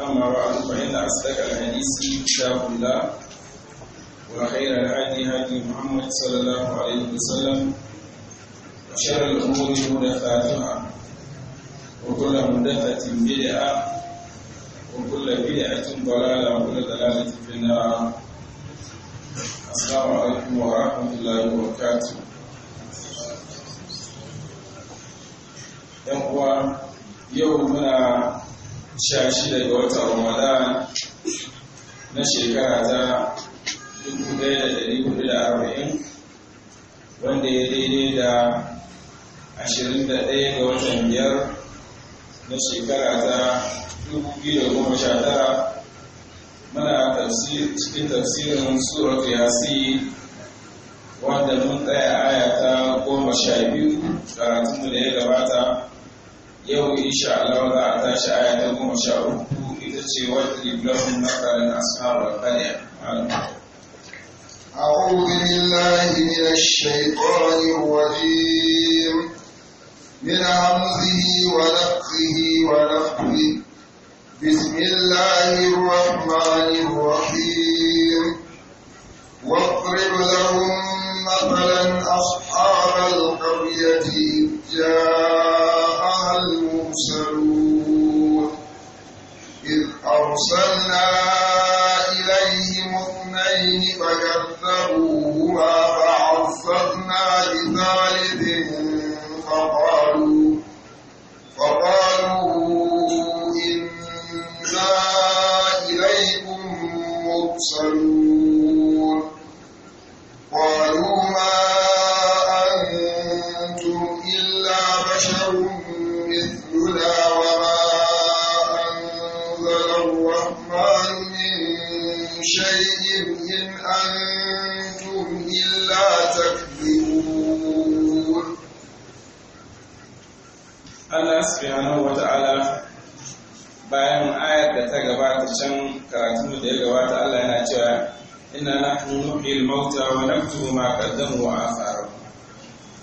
أما بعد فإن أصدق الحديث كتاب الله وخير الهدي هدي محمد صلى الله عليه وسلم وشر الأمور محدثاتها وكل محدثة بدعة وكل بدعة ضلالة وكل ضلالة في النار السلام عليكم ورحمة الله وبركاته يوم يومنا sha shida ga watan ramadan na shekara ta 1440 wanda ya daidai da 21 ga watan biyar na shekara ta 2019 muna cikin tafsirin surat yasi wanda mun tsaya aya ta goma sha biyu karatun da ya gabata يوم إن شاء الله a tashi aya ta goma sha uku ita ce wadrib lahum أعوذ بالله من الشيطان الرجيم من همزه ونفخه ونفخه بسم الله الرحمن الرحيم واضرب لهم مثلا أصحاب القرية إذ المرسلون إذ أرسلنا wancan karatu da ya gabata Allah yana cewa na nahnu nuhyil mauta wa naktubu ma qaddamu wa atharu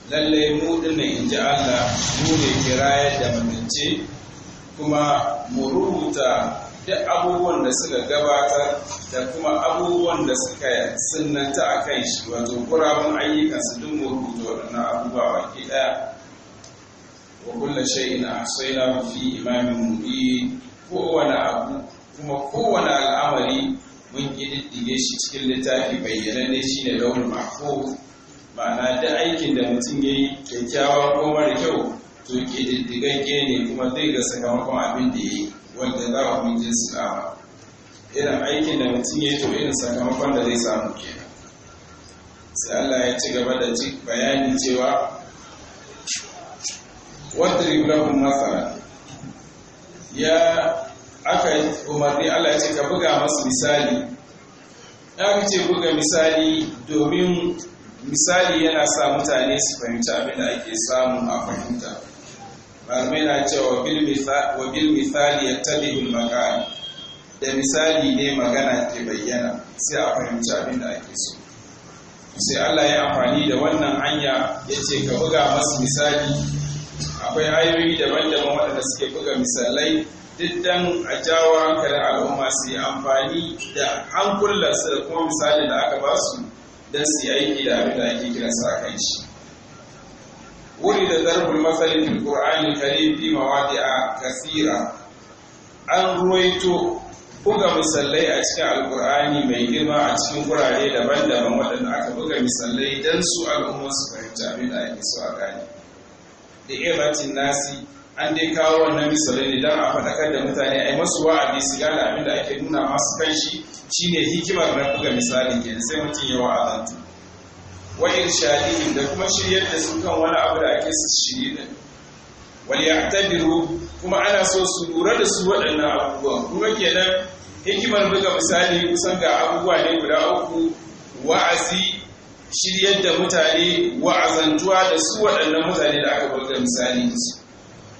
lalle mu dinnan inji Allah mu ne kiraya da mutunci kuma mu rubuta duk abubuwan da suka gabata da kuma abubuwan da suka sunnanta a kan shi wato gurabun ayyukan su duk mu rubuta waɗannan abubuwa ke ɗaya wa kulla shay'in ahsaynahu fi imamin mubin kowane abu kuma kowane al'amari mun ƙididdige shi cikin littafi ne shi ne launin mako ma'ana da aikin da mutum ya yi kyakkyawa ko mara kyau to ke ne kuma zai ga sakamakon abin da ya yi wanda za a mun jinsu dama irin aikin da mutum ya yi to irin sakamakon da zai samu kenan sai Allah ya ci gaba da bayani cewa wata ribrahun masara ya aka yi umarni Allah ya ce ka buga masu misali ku ce buga misali domin misali yana sa mutane su fahimci abin da ake samu a fahimta Barmai na cewa wa bil misali ya tabi magana da misali ne magana ke bayyana sai a fahimci abin da ake so sai Allah ya amfani da wannan hanya ya ce ka buga masu misali akwai ayoyi daban-daban waɗanda suke buga misalai diddan a jawo hankalin al'umma su yi amfani da hankulansu da kuma misalin da aka ba su don su yi aiki da abin da ake kira sa kai shi wuri da zarbul matsalin ƙur'ani kare karim mawaɗi a kasira an ruwaito buga misalai a cikin alkur'ani mai girma a cikin gurare daban-daban waɗanda aka buga misalai don su al'umma su abin da ake so a gani. da ibatin nasi an dai kawo wannan misalai ne don a faɗakar da mutane a yi masu wa'adi su gane abin da ake nuna masu kan shi shine hikimar na buga misalin yanzu sai mutum ya wa'azantu wa irshadihim da kuma shiryar da su kan wani abu da ake su shirye da wal ya'tabiru kuma ana so su lura da su waɗannan abubuwan kuma kenan hikimar buga misali kusan ga abubuwa ne guda uku wa'azi shiryar da mutane wa'azantuwa da su waɗannan mutane da aka buga misali da su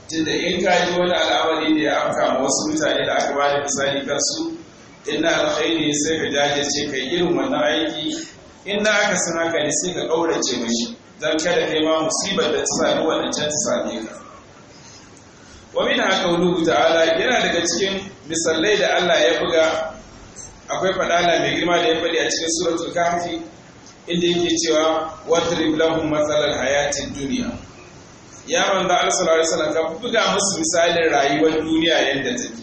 tunda in ka yi wani al'amari ne ya amka ma wasu mutane da aka ba da misali kansu inna alkhairi sai ka jajirce ka yi irin wannan aiki in aka san haka ne sai ka kaurace mashi dan kada kai ma musibar da ta sami wannan can ta same ka wa min haka wuluhu ta'ala yana daga cikin misallai da Allah ya buga akwai faɗala mai girma da ya faɗi a cikin suratul kahfi inda yake cewa wata lahum matsalar hayatin duniya ya manzo Allah sallallahu alaihi ka buga musu misalin rayuwar duniya yadda take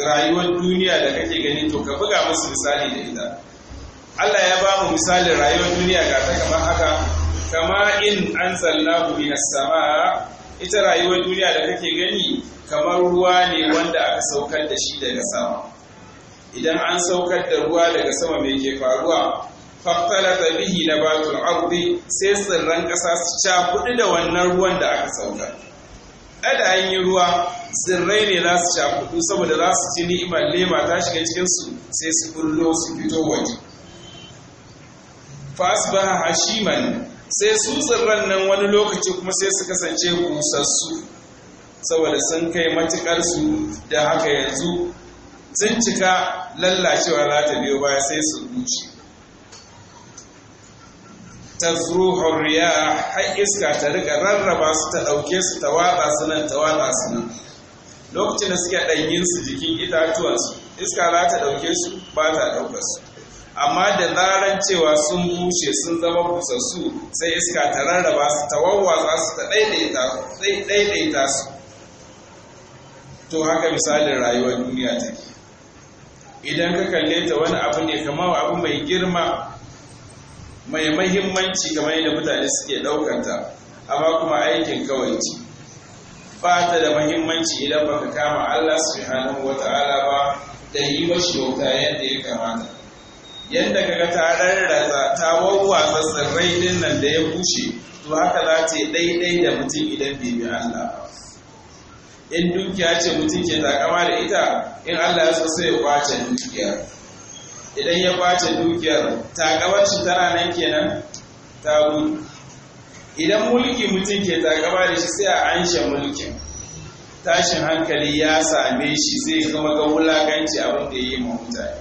rayuwar duniya da kake gani to ka buga musu misali da ita Allah ya ba mu misalin rayuwar duniya ga ta kamar haka kama in anzalnahu minas samaa ita rayuwar duniya da kake gani kamar ruwa ne wanda aka saukar da shi daga sama idan an saukar da ruwa daga sama me ke faruwa fakhtalata bihi batun ardi sai tsirran ƙasa su ca kuɗi da wannan ruwan da aka sauka ada an yi ruwa tsirrai ne za su ca cakuɗu saboda za su ji ni'imar lema ta shiga cikin sai su kullo su fito waje fas asbaha hashiman sai su tsirran nan wani lokaci kuma sai su kasance busassu saboda sun kai matuƙarsu da haka yanzu sun cika lallacewa za ta biyo baya sai su bushe tazruhu riyah har iska ta rika rarraba su ta dauke su ta watsa su nan ta watsa su nan lokacin da suke danyin su jikin itatuwan su iska za ta dauke su ba ta daukar su amma da zaran cewa sun bushe sun zama busassu sai iska ta rarraba su ta wawwatsa su ta daidaita su to haka misalin rayuwar duniya take idan ka kalle ta wani abu ne kamar abu mai girma mai mahimmanci kamar yadda mutane suke ɗaukanta amma kuma aikin kawai ce ba ta da mahimmanci idan baka kama Allah subhanahu wata ala ba da yi mashi yadda ya kamata yadda ka kaga ta rarraza ta wawwatsa tsirrai din nan da ya bushe to haka za ta daidai da mutum idan bai bi Allah ba in dukiya ce mutum ke takama da ita in Allah ya so sai ya kwace dukiyar idan ya kwace dukiyar gabaci tana nan kenan ta gudu idan mulki mutum ke gaba da shi sai a anshe mulkin tashin hankali ya same shi zai zama ga wulaganci abin da ya yi ma mutane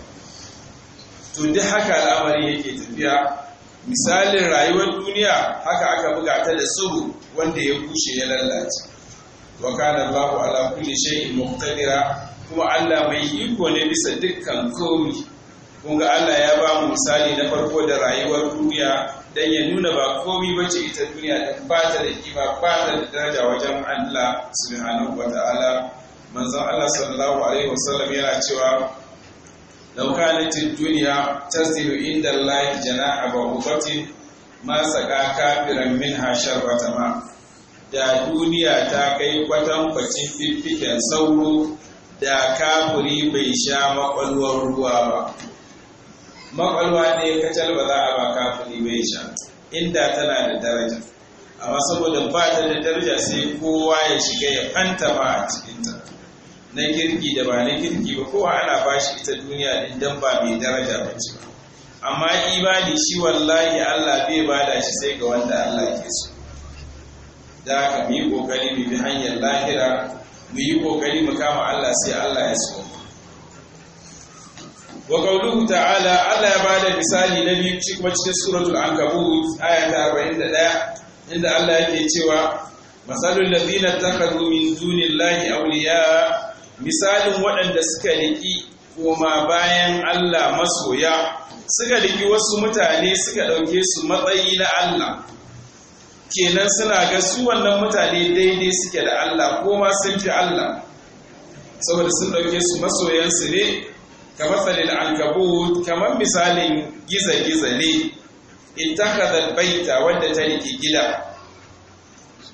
to duk haka al'amari yake tafiya misalin rayuwar duniya haka aka buga ta da suru wanda ya kushe ya lallace wa kana Allahu ala kulli shay'in kuma Allah mai iko ne bisa dukkan komai kun ga Allah ya ba mu misali na farko da rayuwar duniya dan ya nuna ba komai bace ita duniya da ba da kima ba da daraja wajen Allah subhanahu wataala manzon Allah sallallahu alaihi wasallam yana cewa law kanat ad-dunya tasilu inda Allah jana'a ba'ubatin ma saka kafiran hashar sharbata ma da duniya ta kai kwatan kwacin fiffiken sauro da kafuri bai sha makwalwar ruwa ba makwalwa ne kacal ba za a ba kafuni bai sha inda tana da daraja amma saboda ba ta da daraja sai kowa ya shiga ya fanta ba a cikinta na kirki da ba na kirki ba kowa ana ba shi ita duniya din dan ba mai daraja ba ce amma ibadi shi wallahi Allah bai bada shi sai ga wanda Allah ke so da ka mu yi kokari mu bi hanyar lahira mu yi kokari mu kama Allah sai Allah ya so mu wa qawluhu ta'ala Allah ya bada misali na biyu cikin cikin suratul ankabut aya ta 41 inda Allah yake cewa masalul ladina takhadhu min lahi awliya misalin waɗanda suka riki koma bayan Allah masoya suka riki wasu mutane suka ɗauke su matsayi na Allah kenan suna ga su wannan mutane daidai suke da Allah ko ma sun fi Allah saboda sun ɗauke su masoyansu ne salil alkabut kamar misalin giza-giza ne ittakhadha baita wanda ta rike gida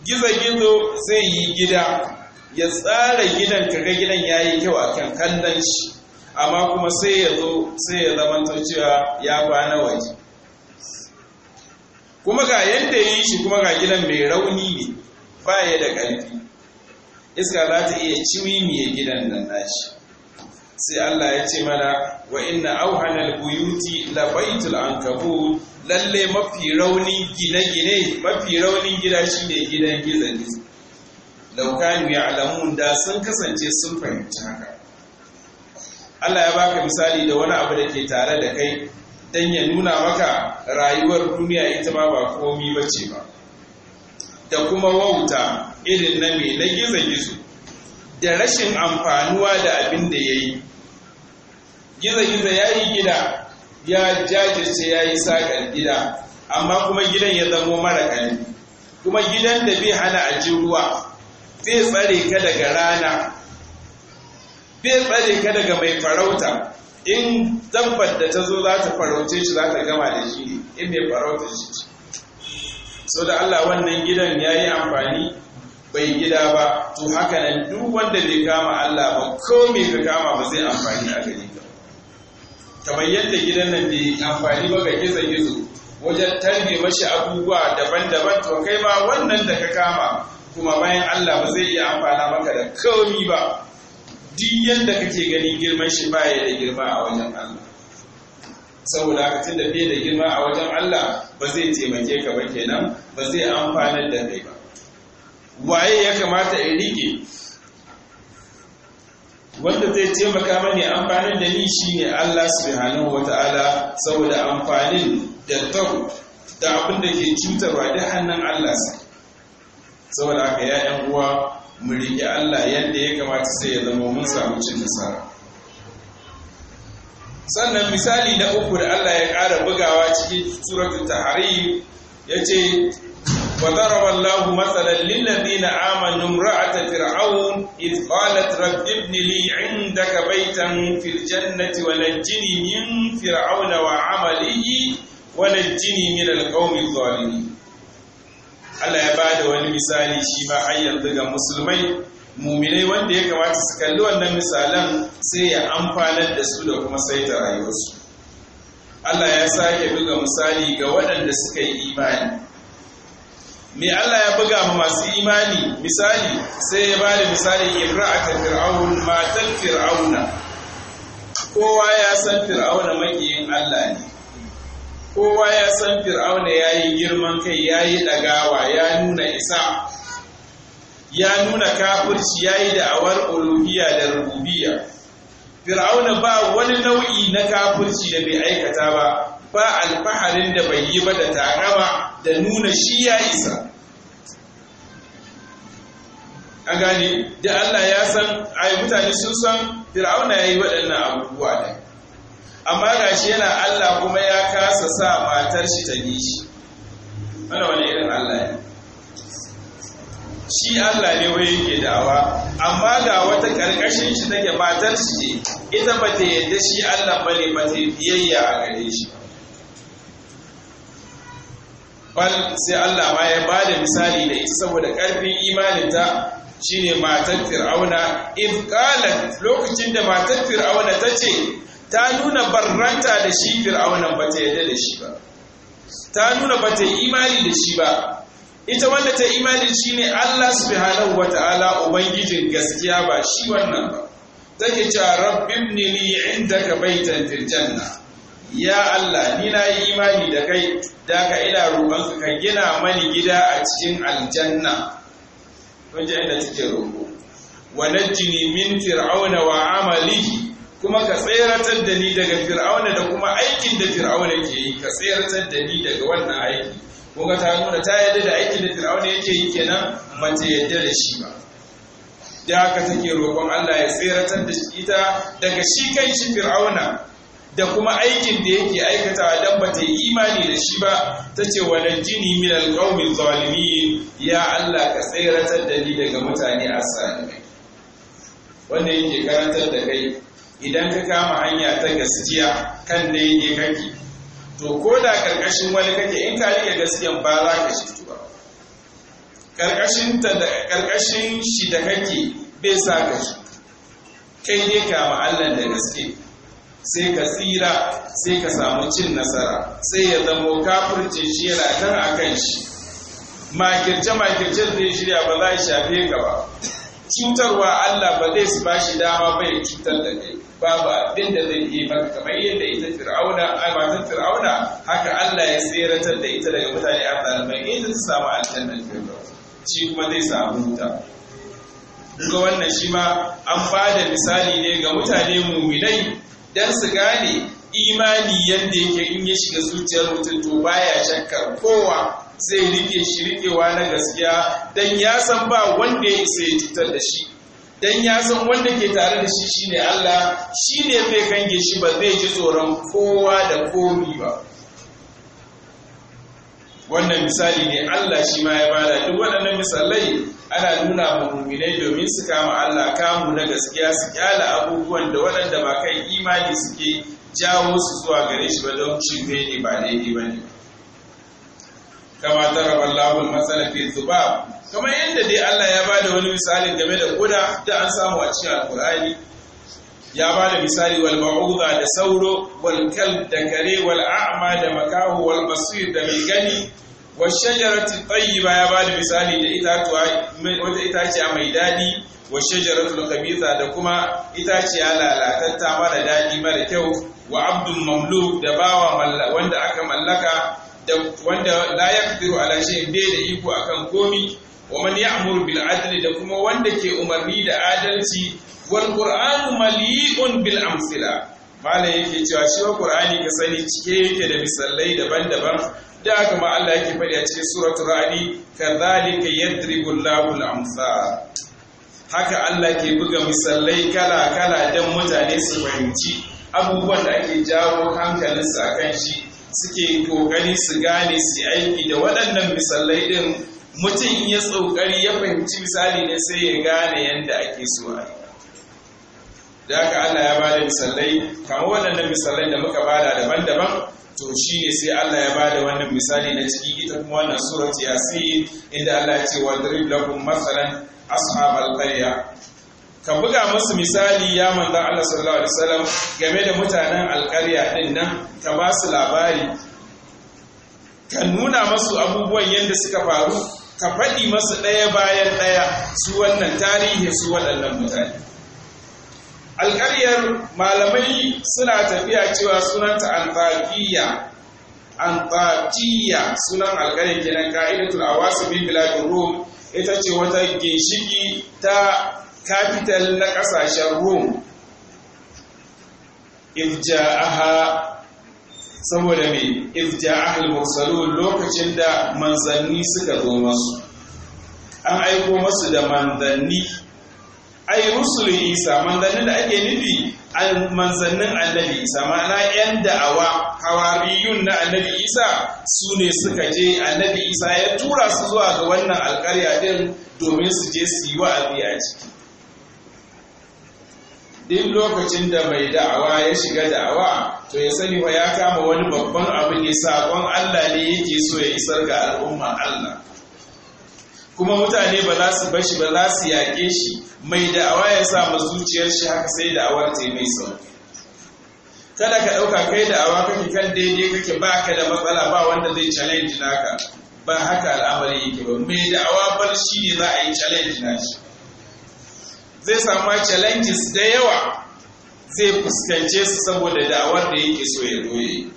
gizo-gizo zai yi gida ya tsara gidan kaga gidan ya yi kyau a kan kallon shi amma kuma sai ya zo sai ya zama cewa ya kwana waje kuma ga yadda yi shi kuma ga gidan mai rauni ne ba da ƙarfi iska za ta iya ciwi mai gidan nan nashi sai Allah ya ce mana wa inna auhanal buyuti la baitul lallai lalle mafi rauni gine-gine mafi rauni gida shine gidan gizan gizo ya alamu da sun kasance sun fahimci haka Allah ya baka misali da wani abu da ke tare da kai dan ya nuna maka rayuwar duniya ita ma ba komi bace ba da kuma wauta irin na me na gizo-gizo da rashin amfanuwa da abin da ya yi giza-giza ya yi gida ya jajirce ya yi sakar gida amma kuma gidan ya zamo mara ƙarfi kuma gidan da bai hana a ji ruwa zai tsare ka daga rana zai tsare ka daga mai farauta in dabbar da ta zo za ta farauce shi za ta gama da shi in mai farauta shi so da Allah wannan gidan ya yi amfani bai gida ba to haka nan duk wanda bai kama Allah ba ko me ka kama ba zai amfani a gare ka kamar yadda gidan nan bai amfani ba ga gizo gizo wajen tarbe mashi abubuwa daban-daban to kai ma wannan da ka kama kuma bayan Allah ba zai iya amfana maka da komi ba duk yadda kake gani girman shi ba ya da girma a wajen Allah saboda haka tun da bai da girma a wajen Allah ba zai taimake ka ba kenan ba zai amfanar da kai ba waye ya kamata in rike wanda zai taimaka mani amfanin da ni shine Allah subhanahu wata'ala saboda amfanin da tau da abin da ke cutarwa da hannun Allah saboda haka ya yan uwa mu riƙe Allah yadda ya kamata sai ya zama mun samu cin nasara sannan misali da uku da Allah ya ƙara bugawa cikin suratul tahrim yace وضرب الله مثلا للذين آمنوا امرأة فرعون إذ قالت رب ابن لي عندك بيتا في الجنة ونجني من فرعون وعمله ونجني من القوم الظالمين Allah ya bada wani misali shi ma a yanzu ga musulmai muminai wanda ya kamata su kalli wannan misalan sai ya amfanar da su da kuma saita rayuwarsu Allah ya sake buga misali ga waɗanda suka yi imani me Allah ya buga ma masu imani misali sai ya ba da misali imra'ata fir'aun matan fir'auna kowa ya san fir'auna makiyin Allah ne kowa ya san fir'auna ya yi girman kai ya yi ɗagawa ya nuna isa ya nuna kafirci ya yi da'awar olubiya da rububiya. fir'auna ba wani nau'i na kafirci da bai aikata ba ba alfaharin da bai yi ba da ba. da nuna shi ya isa a gani da Allah ya san ai mutane sun san fir'auna yi waɗannan abubuwa ne amma ga shi yana Allah kuma ya kasa sa matar shi ta yi shi wani irin Allah ne shi Allah ne wai yake dawa amma ga wata karkashin shi take matar shi ita ba ta yadda shi Allah bane ba ta biyayya a gare shi ba bal sai Allah ma ya ba da misali da ita saboda ƙarfin imaninta shine matar fir'auna in lokacin da matar fir'auna ta ce ta nuna barranta da shi fir'aunan ba ta yarda da shi ba ta nuna ba ta imani da shi ba ita wanda ta imani shine Allah subhanahu wata'ala ubangijin gaskiya ba shi wannan ba take cewa rabbibni li indaka baitan fil janna ya Allah ni na yi imani da kai da ka ina su ka gina mani gida a cikin aljanna Wajen da inda suke roƙo wa najjini min fir'auna wa amali kuma ka tseratar da ni daga fir'auna da kuma aikin da fir'auna ke yi ka tseratar da ni daga wannan aiki ko ka ta nuna ta yadda da aikin da fir'auna yake yi kenan ba ta yadda da shi ba da haka take roƙon Allah ya tseratar da ita daga shi kai shi fir'auna da kuma aikin da yake aikatawa dan ba yi imani da shi ba ta ce wa najjini min alqawmi zalimin ya Allah ka tsayratar da ni daga mutane a sani. wanda yake karantar da kai idan ka kama hanya ta gaskiya kan da yake kake to ko da karkashin wani kake in ka rike gaskiyan ba za ka shi ba karkashin da shi da kake bai sa ka shi kai ne kama Allah da gaskiya sai ka tsira sai ka samu cin nasara sai ya zamo kafircin shi yana kan a kan shi makirce makirce zai shirya ba za shafe ka ba cutarwa Allah ba zai su bashi dama bai cutar da kai babu abin da zai yi maka kamar yadda ita fir'auna a matan fir'auna haka Allah ya tseratar da ita daga mutane a zalimai ita su samu aljannar fir'auna shi kuma zai samu wuta ga wannan shi ma an ba da misali ne ga mutane muminai Idan su gane imani yadda yake in ya shiga zuciyar mutum to baya shakkar kowa zai rike shi rikewa na gaskiya don ya san ba wanda ya isa ya cutar da shi don ya san wanda ke tare da shi shine Allah shi ne bai kange shi ba zai ji tsoron kowa da komi ba wannan misali ne Allah shi ma ya bada duk waɗannan misalai ana nuna ma muminai domin su kama Allah kamu na gaskiya su kyala abubuwan da waɗanda ba kai imani suke jawo su zuwa gare shi ba don cin ne ba daidai ba ne kama ta rabar matsala fi zubab kamar yadda dai Allah ya bada wani misali game da kuda da an samu a cikin alkur'ani ya ba da misali wal ma'uza da sauro wal kal da kare wal a'ma da makahu wal basir da mai gani wa shajaratu tayyiba ya ba da misali da itatuwa wata itaciya mai dadi wa shajaratu khabitha da kuma itaciya lalatatta mara dadi mara kyau wa abdul mamluk da bawa wanda aka mallaka da wanda la yaqdiru ala shay'in bai da iko akan komi wa man ya'muru bil adli da kuma wanda ke umarni da adalci wal qur'anu mali'un bil amsila malam yake cewa shi wa qur'ani ka sani cike yake da misalai daban-daban da haka ma Allah yake faɗi a cikin suratul ra'di kadhalika yadribu llahu al-amsal haka Allah ke buga misallai kala-kala don mutane su fahimci abubuwan da ake jawo hankalin a kan shi suke kokari su gane su aiki da waɗannan misalai din. mutum ya tsokari ya fahimci misali ne sai ya gane yadda ake so da haka Allah ya bada misalai kamar waɗannan misalai da muka bada daban-daban to shi ne sai Allah ya bada wannan misali na ciki ita kuma wannan surat yasin inda Allah ya ce wa drib lakum masalan ashabal qarya ka buga musu misali ya manzo Allah sallallahu alaihi wasallam game da mutanen alqarya din nan ka ba su labari ka nuna masu abubuwan yadda suka faru ka faɗi masu ɗaya bayan ɗaya su wannan tarihi su waɗannan mutane alƙaryar malamai suna tafiya cewa sunanta antakiya antakiya sunan alƙaryar kenan ka'idatul awasimi biladun rom ita ce wata ginshiki ta kafital na ƙasashen rum irja'aha saboda mai ifja al lokacin da manzanni suka zo masu an aiko masu da manzanni ai rusul isa manzannin da ake nufi manzannin annabi isa ma'ana yan da'awa hawariyun na annabi isa su ne suka je annabi isa ya tura su zuwa ga wannan alƙarya din domin su je su yi wa'azi a ciki duk lokacin da mai da'awa ya shiga da'awa to ya sani wa ya kama wani babban abu ne sakon allah ne yake so ya isar ga al'umma allah kuma mutane ba za su bashi ba za su yaƙe shi mai da'awa ya sa ma zuciyar shi haka sai da'awar ta yi mai sauƙi. kada ka ɗauka kai da'awa kake kan daidai kake ba ka da matsala ba wanda zai challenge naka ba haka al'amari yake ba mai da'awa bar shi ne za a yi challenge na shi zai samu challenges da yawa zai fuskance su saboda da'awar da yake so ya goye.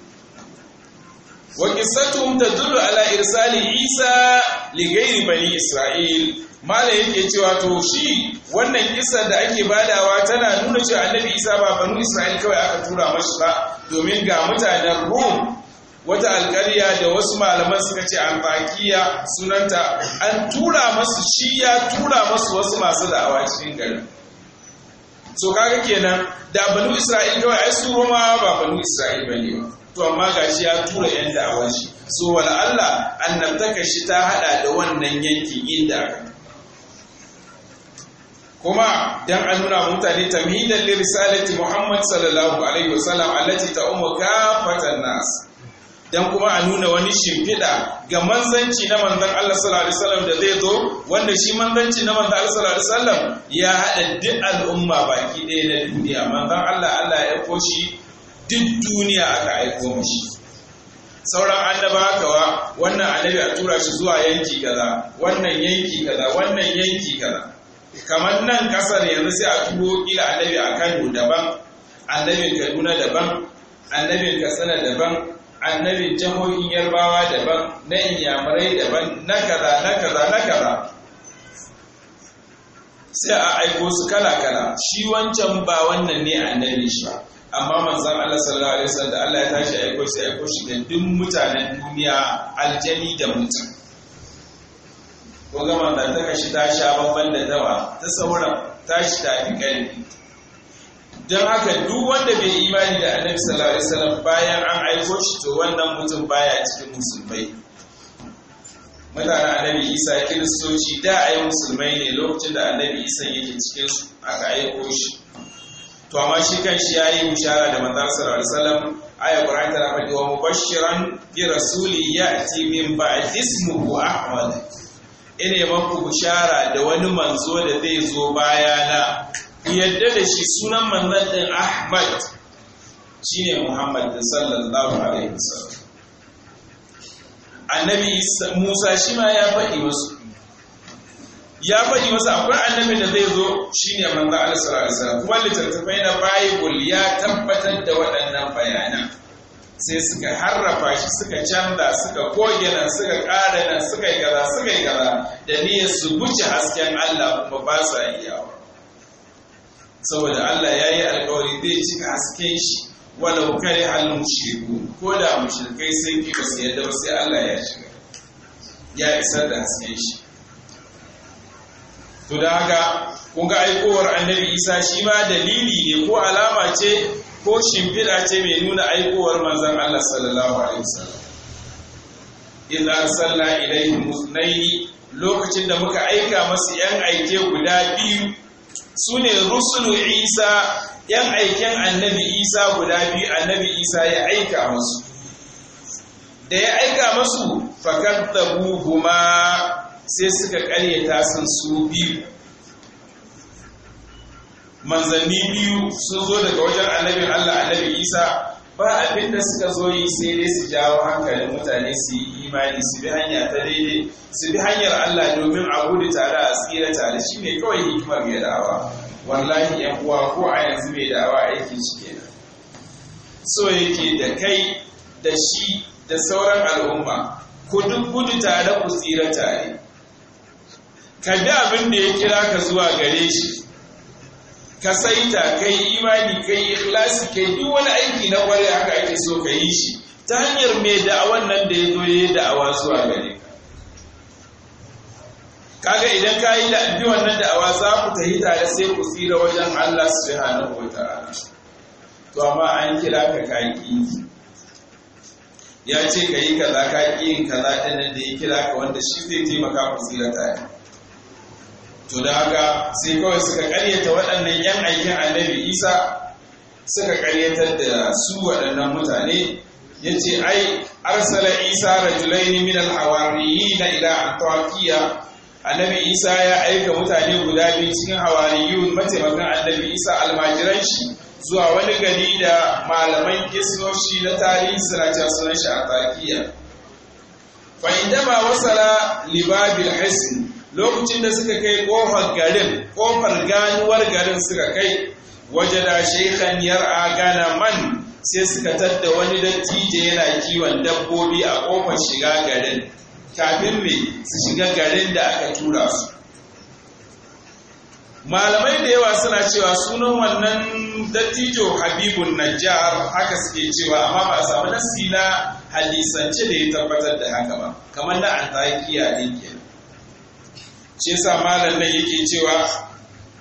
wa qissatuhum tadullu ala irsali isa ligairi bani isra'il mala yake cewa to shi wannan kissa da ake badawa tana nuna cewa annabi isa ba banu isra'il kawai aka tura mashi ba domin ga mutanen rum wata alƙarya da wasu malaman suka ce albakiya sunanta an tura masu shi ya tura masu wasu masu da'awa cikin gari so kaga kenan da banu isra'il kawai ai su roma ba banu isra'il bane ba to amma gashi ya tura yan da'awar shi so wala Allah annabtaka shi ta hada da wannan yanki inda kuma dan an nuna mutane tamhidan li risalati Muhammad sallallahu alaihi wasallam allati ta'ummu kafatan nas dan kuma a nuna wani shimfiɗa ga manzanci na manzan Allah sallallahu alaihi wasallam da zai zo wanda shi manzanci na manzan Allah sallallahu alaihi wasallam ya hada duk al'umma baki ɗaya na duniya manzan Allah Allah ya aiko shi duk duniya aka aiko mishi sauran annaba kawa wannan annabi a tura shi zuwa yanki kaza wannan yanki kaza wannan yanki kaza kamar nan kasar yanzu sai a turo ila annabi a Kano daban annabin Kaduna daban annabin Katsina daban annabin jihohin Yarbawa daban na Inyamurai daban na kaza na kaza na kaza sai a aiko su kala kala shi wancan ba wannan ne annabi shi ba amma manzan Allah sallallahu alaihi wasallam da Allah ya tashi aiko shi aiko shi mutanen duniya aljani da mutum ko ga manzan ta kashi ta sha babban da dawa ta sauran tashi ta fi ƙarfi don haka duk wanda bai imani da annabi sallallahu alaihi wasallam bayan an aiko shi to wannan mutum baya cikin musulmai mutanen annabi isa kiristoci da ayi musulmai ne lokacin da annabi isa yake cikin su aka aiko shi to amma shi kan shi ya yi bishara da manzon sallallahu alaihi wasallam aya qur'ani ta rafa wa mubashiran bi rasuli ya'ti min ba'di ismuhu ahmad ina maku bishara da wani manzo da zai zo bayana yadda da shi sunan manzan din ahmad shine muhammad sallallahu alaihi wasallam annabi musa shi ma ya faɗi musu. ya faɗi masa akwai annabi da zai zo shine manzo Allah sallallahu alaihi wasallam kuma littattafai na Bible ya tabbatar da waɗannan bayanan sai suka harrafa shi suka canza suka koge nan suka ƙara nan suka yi kaza suka yi kaza da ni su wuce hasken Allah kuma ba sa iyawa saboda Allah ya yi alƙawari, zai cika hasken shi wala kare halin shirku ko da mushrikai sun ki ba su yadda ba sai Allah ya shiga ya isar da hasken shi to da haka kun ga aikowar annabi isa shi ma dalili ne ko alama ce ko shimfiɗa ce mai nuna aikowar manzan Allah sallallahu alaihi wasallam idza arsalna ilayhim musnaini lokacin da muka aika masu yan aike guda biyu sune rusulu isa yan aiken annabi isa guda biyu annabi isa ya aika masu da ya aika masu fakaddabu huma sai suka karyata san su biyu manzanni biyu sun zo daga wajen annabi Allah annabi Isa ba abin da suka zo yi sai dai su jawo hankalin mutane su yi imani su bi hanya ta daidai su bi hanyar Allah domin a gudu tare a tsira tare shi ne kawai hikimar mai da'awa wallahi yan uwa ko a yanzu mai dawa aiki shi kenan so yake da kai da shi da sauran al'umma ku duk gudu tare ku tsira tare ka bi abin da ya kira ka zuwa gare shi ka saita kai imani kai ikhlasi kai duk wani aiki na kwarai haka ake so ka yi shi ta hanyar mai da'awan nan da ya zo ya da'awa zuwa gare ka kaga idan ka yi da bi wannan da'awa za ku ta tafi tare sai ku tsira wajen Allah subhanahu wataala to amma an kira ka kaki ya ce ka yi kaza ka yi kaza ɗin da ya kira ka wanda shi zai taimaka ku tsira tare to da haka sai kawai suka karyata waɗannan 'yan aikin annabi isa suka karyatar da su waɗannan mutane ya ce ai arsala isa rajulaini min alhawariyi na ila antakiya annabi isa ya aika mutane guda biyu cikin hawariyun mataimakan annabi isa almajiran shi zuwa wani gari da malaman kisoshi na tarihi suna cewa sunan shi antakiya fa indama wasala libabil hisn lokacin da suka kai kofar garin kofar ganuwar garin suka kai waje da shaikhan yar'a gana man sai suka tadda wani dattijo yana kiwon dabbobi a kofar shiga garin kafin mai su shiga garin da aka tura su malamai da yawa suna cewa sunan wannan dattijo habibun najjar haka suke cewa amma ba a samu nasi na hadisance da ya tabbatar da haka ba kamar na antakiya ne kenan shi yasa malam nan yake cewa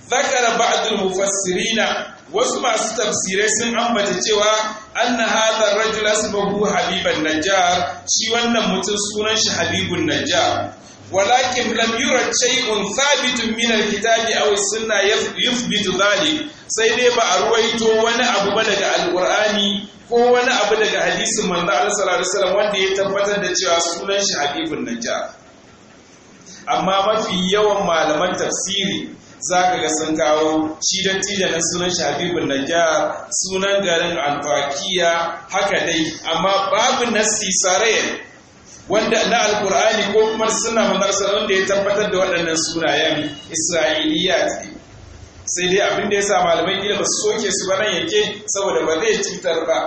zakara ba'dul mufassirina wasu masu tafsirai sun ambata cewa anna hadha rajul asbahu habiban najjar shi wannan mutum sunan shi habibun najjar walakin lam yura shay'un thabitun min alkitabi aw sunna yuthbitu dhalik sai dai ba a ruwaito wani abu ba daga al-qur'ani ko wani abu daga hadisin manzo Allah sallallahu alaihi wasallam wanda ya tabbatar da cewa sunan shi habibun najjar amma mafi yawan malaman tafsiri za ka ga sun kawo shi da na sunan shabibin najjar sunan garin alfakiya haka dai amma babu nasti sarayen wanda na alkur'ani ko kuma suna manzarsa da ya tabbatar da waɗannan sunayen isra'iliya ce sai dai abin da ya sa malamai gida ba su soke su ba nan yanke saboda ba zai cutar ba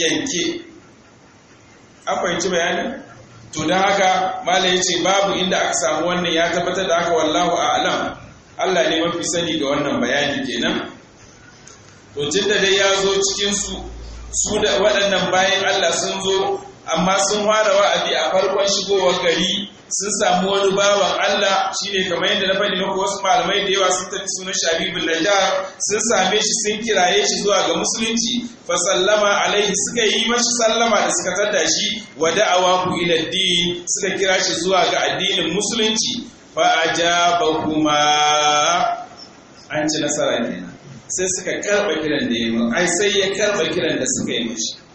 yanke an fahimci bayanin? to don haka mala ya ce babu inda aka samu wannan ya tabbatar da haka wallahu a a'lam Allah ne mafi sani ga wannan bayani kenan to da dai ya zo cikinsu su da waɗannan bayan Allah sun zo amma sun fara wa'azi a farkon shigowar gari sun samu wani bawan Allah shine kamar yadda na faɗi maka wasu malamai da yawa sun tafi sunan Shabibu Najjar sun same shi sun kiraye shi zuwa ga musulunci fa sallama alaihi suka yi mashi sallama da suka tada shi wa ku ila din suka kira shi zuwa ga addinin musulunci fa ajabahuma an ci nasara kenan sai suka karba kiran da ya ai sai ya karɓa kiran da suka yi mashi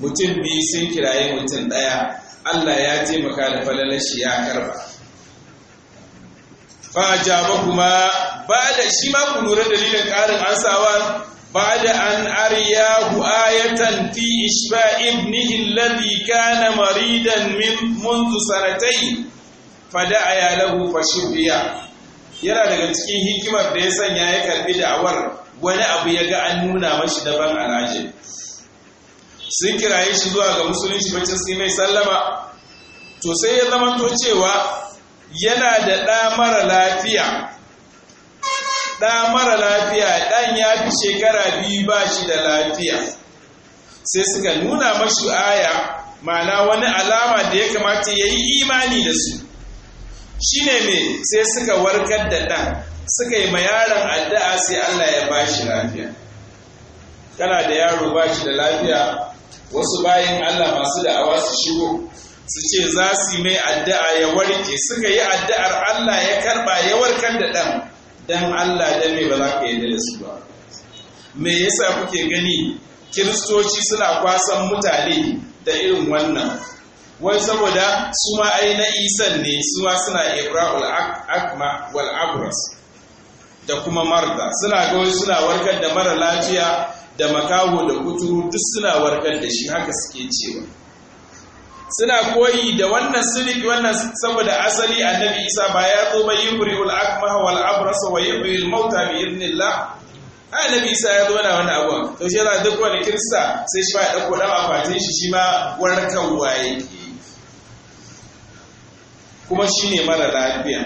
mutum biyu sun kiraye mutum ɗaya Allah ya taimaka da falalar shi ya karba fa jaba kuma ba da shi ma ku lura dalilin ƙarin ansawa ba da an hu ayatan fi isba ibnihi alladhi kana maridan min منذ da ya lahu fashfiya yana daga cikin hikimar da ya sanya ya karbi da'awar wani abu ya ga an nuna mashi daban al'ajib sun kiraye shi zuwa ga musulunci bai sai mai sallama to sai ya zamanto cewa yana da ɗa mara lafiya ɗa mara lafiya ɗan ya fi shekara biyu ba shi da lafiya sai suka nuna mashi aya ma'ana wani alama da ya kamata ya yi imani da su shi ne mai sai suka warkar da ɗan suka yi ma yaron addu'a sai Allah ya ba shi lafiya kana da yaro ba shi da lafiya wasu bayan Allah masu da'awa su shigo su ce za su mai addu'a ya warke suka yi addu'ar Allah ya karba ya warkar da ɗan dan Allah dan me ba za ka yarda da su ba me yasa kuke gani kiristoci suna kwasan mutane da irin wannan wai saboda su ma ai na isan ne su ma suna ibrahul akma wal abras da kuma Marta, suna ga suna warkar da mara lafiya da makaho da kuturu duk suna warkar da shi haka suke cewa suna koyi da wannan sirik wannan saboda asali annabi isa ba ya zo ba ul akmah wal abras wa al mauta bi idnillah annabi isa ya zo na wani abu to shi yana duk wani kirista sai shi ba ya dauko dan akwatin shi shi ma warkarwa waye kuma shi ne mara lafiya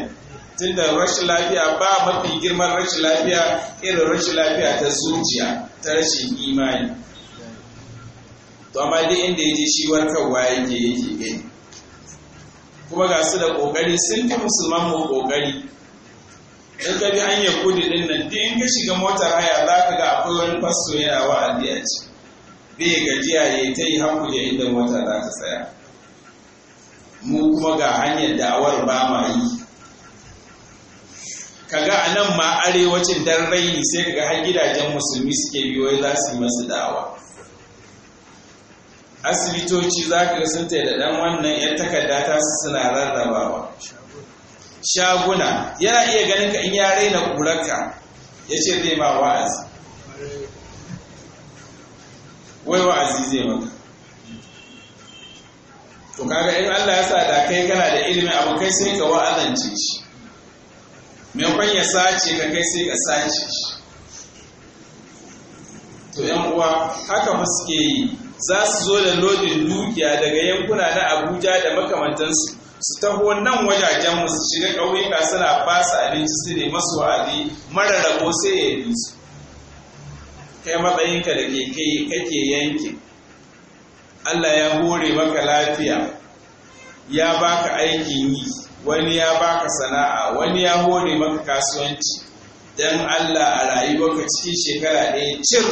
tunda rashin lafiya ba mafi girman rashin lafiya irin rashin lafiya ta zuciya Tarshen imani to duk inda ya ji shi warkarwa yake yake gani kuma ga su da ƙoƙari sun fi musulman mu ƙoƙari in ka bi an kudi din nan duk in ka shiga motar haya za ka ga akwai wani fasto yana wa'azi a ci bai gajiya ya ta yi hakuri inda mota za ta tsaya mu kuma ga hanyar da'awar ba ma yi kaga a nan ma arewacin dan raini sai kaga har gidajen musulmi suke biyo za su yi masu dawa asibitoci za ka sun da dan wannan yan takarda ta su suna rarrabawa shaguna yana iya ganin ka in ya raina kurarka ya ce zai ma wa'azi wai wa'azi zai maka to kaga in Allah ya sa da kai kana da ilimin abu kai sai ka wa'azance shi Mai ya sace ka kai sai ka sace shi to yan uwa haka fa suke yi za su zo da lodin dukiya daga yankuna na abuja da makamantansu su taho nan wajajen su shiga ƙauyuka suna ba su abinci su ne masu wa'adi mara rago sai ya yi su kai matsayinka da keke kake yanke. Allah ya hore maka lafiya ya baka aikin yi wani ya baka sana'a wani ya hore maka kasuwanci dan Allah a rayuwarka cikin shekara ɗaya cin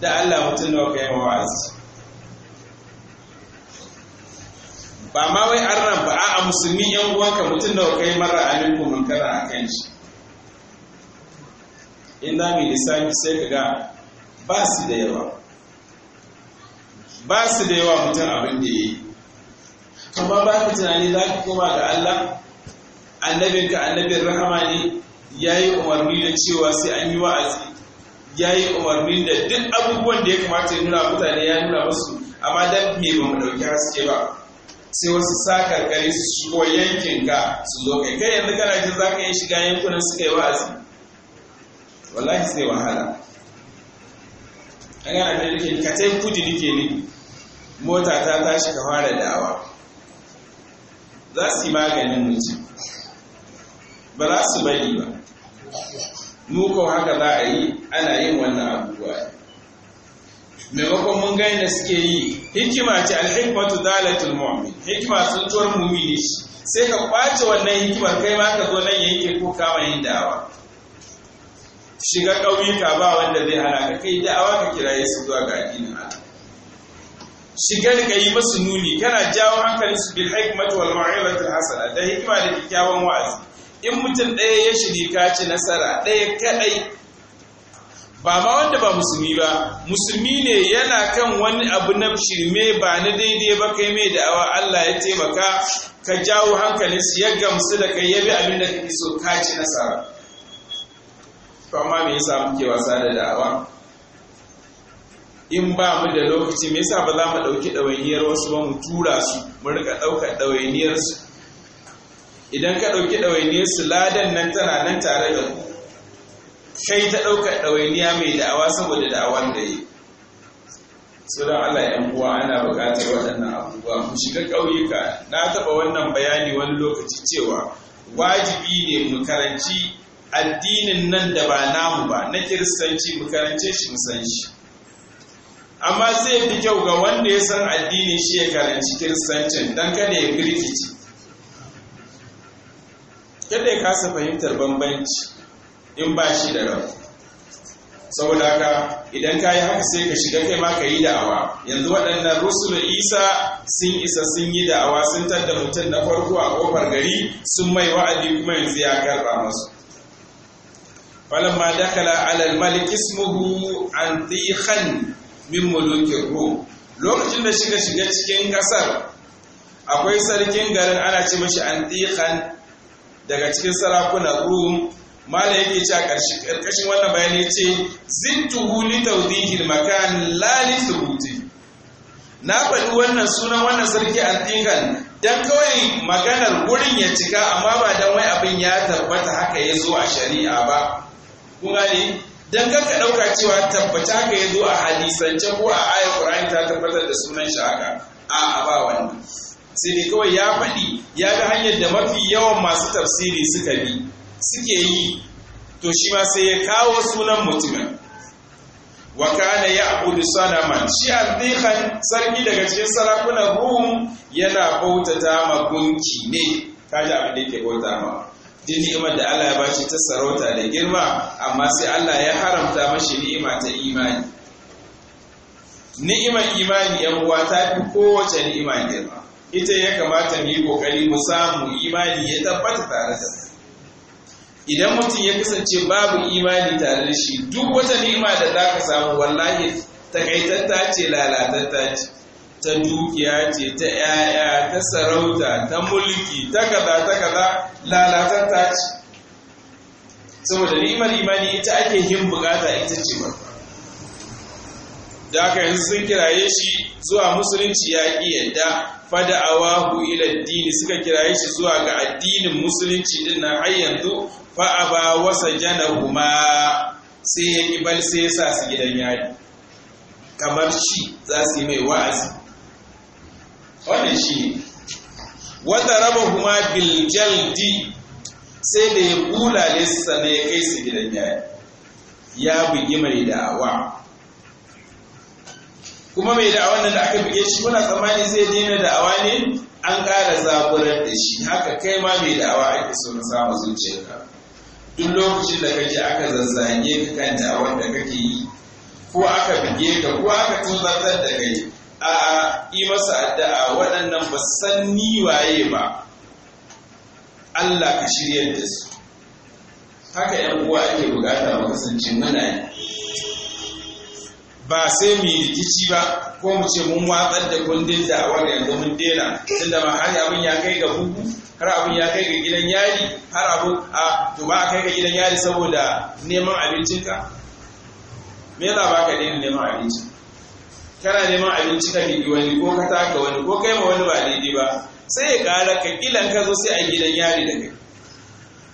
da Allah mutum nawa kai wa'azi ba ma wai an ran ba a musulmi yan uwanka mutum nawa kai mara alinku munkara a kan shi in na mai lissafi sai ka ga ba su da yawa ba su da yawa mutum abin da ya yi amma ba ka tunani za ka koma ga Allah annabinka annabin rahama ne ya yi umarni da cewa sai an yi wa'azi ya yi umarni da duk abubuwan da ya kamata ya nuna mutane ya nuna musu amma dan me ba mu ɗauki haske ba sai wasu sakarkari su shigo yankin ka su zo kai kai yanzu kana jin za ka yi shiga yankunan suka yi wa'azi wallahi sai wahala an gana da nake ka tai kudi nake ne mota ta tashi ka fara da'awa za su yi maganin mutum ba za su bari ba nukau haka za a yi ana yin wannan abubuwa maimakon mun gani da suke yi hikima ce alhikmatu dalatul mu'min hikima tsuntuwar mumini shi sai ka kwace wannan hikimar kai ma ka zo nan yanke ko kama yin da'awa shiga ƙauyuka ba wanda zai hana ka kai da'awa ka kiraye su zuwa ga addinin Allah shigar ka yi masu nuni kana jawo hankalin su bil hikmatu wal ma'ilatu hasana da hikima da kyakkyawan wa'azi in mutum ɗaya ya shiri ka ci nasara ɗaya kaɗai ba ma wanda ba musulmi ba musulmi ne yana kan wani abu na shirme ba na daidai ba kai mai da'awa Allah ya taimaka ka jawo hankalin su ya gamsu da kai ya bi abin da kake so ka ci nasara to amma me yasa muke wasa da da'awa in ba mu da lokaci me yasa ba za mu ɗauki ɗawainiyar wasu ba mu tura su mu rika dauka dawainiyar su idan ka ɗauki ɗawainiyarsu, su ladan nan tana nan tare da ku kai ta ɗaukar ɗawainiya mai da'awa saboda da'awan da yi sunan Allah ‘yan uwa ana bukatar waɗannan abubuwa mu shiga ƙauyuka na taba wannan bayani wani lokaci cewa wajibi ne mu karanci addinin nan da ba namu ba na kiristanci mu karance shi mu san shi amma zai fi kyau ga wanda ya san addini shi ya karanci kiristancin don kada ya birkici kada ya kasa fahimtar bambanci in ba shi da rau saboda ka idan ka yi haka sai ka shiga kai ma ka yi da'awa yanzu waɗannan rusul isa sun isa sun yi da'awa sun tadda mutum na farko a ƙofar gari sun mai wa'adi kuma yanzu ya karɓa masu falamma dakala alal malik ismuhu antikhan min mulukin rum lokacin da shiga shiga cikin ƙasar akwai sarkin garin ana ce mashi antikan daga cikin sarakunan rum mala yake ce a ƙarƙashin wannan bayani ce zintuhu li tawdihil makan la li na faɗi wannan sunan wannan sarki antikan dan kawai maganar gurin ya cika amma ba dan wai abin ya tabbata haka ya zo a shari'a ba Kuma gane dan kan ka dauka cewa tabbata ka yazo a hadisance ko a ayi Qur'ani ta tabbatar da sunan shi haka a ba wannan sai dai kawai ya faɗi ya ga hanyar da mafi yawan masu tafsiri suka bi suke yi to shi ma sai ya kawo sunan mutumin wa kana ya'budu sanaman shi azdikhan sarki daga cikin sarakunan rum yana bautata ma gunki ne kaji abin da yake bautawa duk ni'imar da Allah ya bashi ta sarauta da girma amma sai Allah ya haramta mashi ni'ima ta imani ni'imar imani yan uwa ta fi kowace ni'ima girma ita ya kamata mu yi kokari mu samu imani ya tabbata tare da idan mutum ya kasance babu imani tare da shi duk wata ni'ima da za ka samu wallahi takaitatta ce lalatatta ce ta dukiya ce ta ‘ya'ya ta sarauta ta mulki ta kaza ta kaza ta ce saboda rimar imani ita ake yin bukata ita ce ba da aka yanzu sun kiraye shi zuwa musulunci ya ƙi yadda fada'awahu ila dini suka kiraye shi zuwa ga addinin musulunci din nan har yanzu fa aba wasa kuma sai ya ƙi bal sai ya sa su gidan yari kamar shi za su yi mai wa'azi wannan shi ne wata raba kuma biljaldi sai da ya bulale su sannan ya kai su gidan yaya ya bugi mai da'awa kuma mai da'awa nan da aka buge shi muna tsammani zai daina da'awa ne an ƙara zaburar da shi haka kai ma mai da'awa ake so na samu zuciyarka duk lokacin da kake aka zazzage ka kan da'awar da kake yi ko aka buge ka ko aka tuzartar da kai a yi masa addu'a waɗannan ba san ni waye ba Allah ka shirya da su haka ‘yan uwa ake bukata mu kasance muna yi ba sai mu yi rikici ba ko mu ce mun watsar da kundin da a yanzu mun dena tunda ma har abin ya kai ga bugu har abin ya kai ga gidan yari har abu a to ba kai ga gidan yari saboda neman abincinka me yasa ba ka daina neman abincin? kana neman abinci ka bibi wani ko ka taka wani ko kai ma wani ba daidai ba sai ya kara ka kila ka zo sai a gidan yari da kai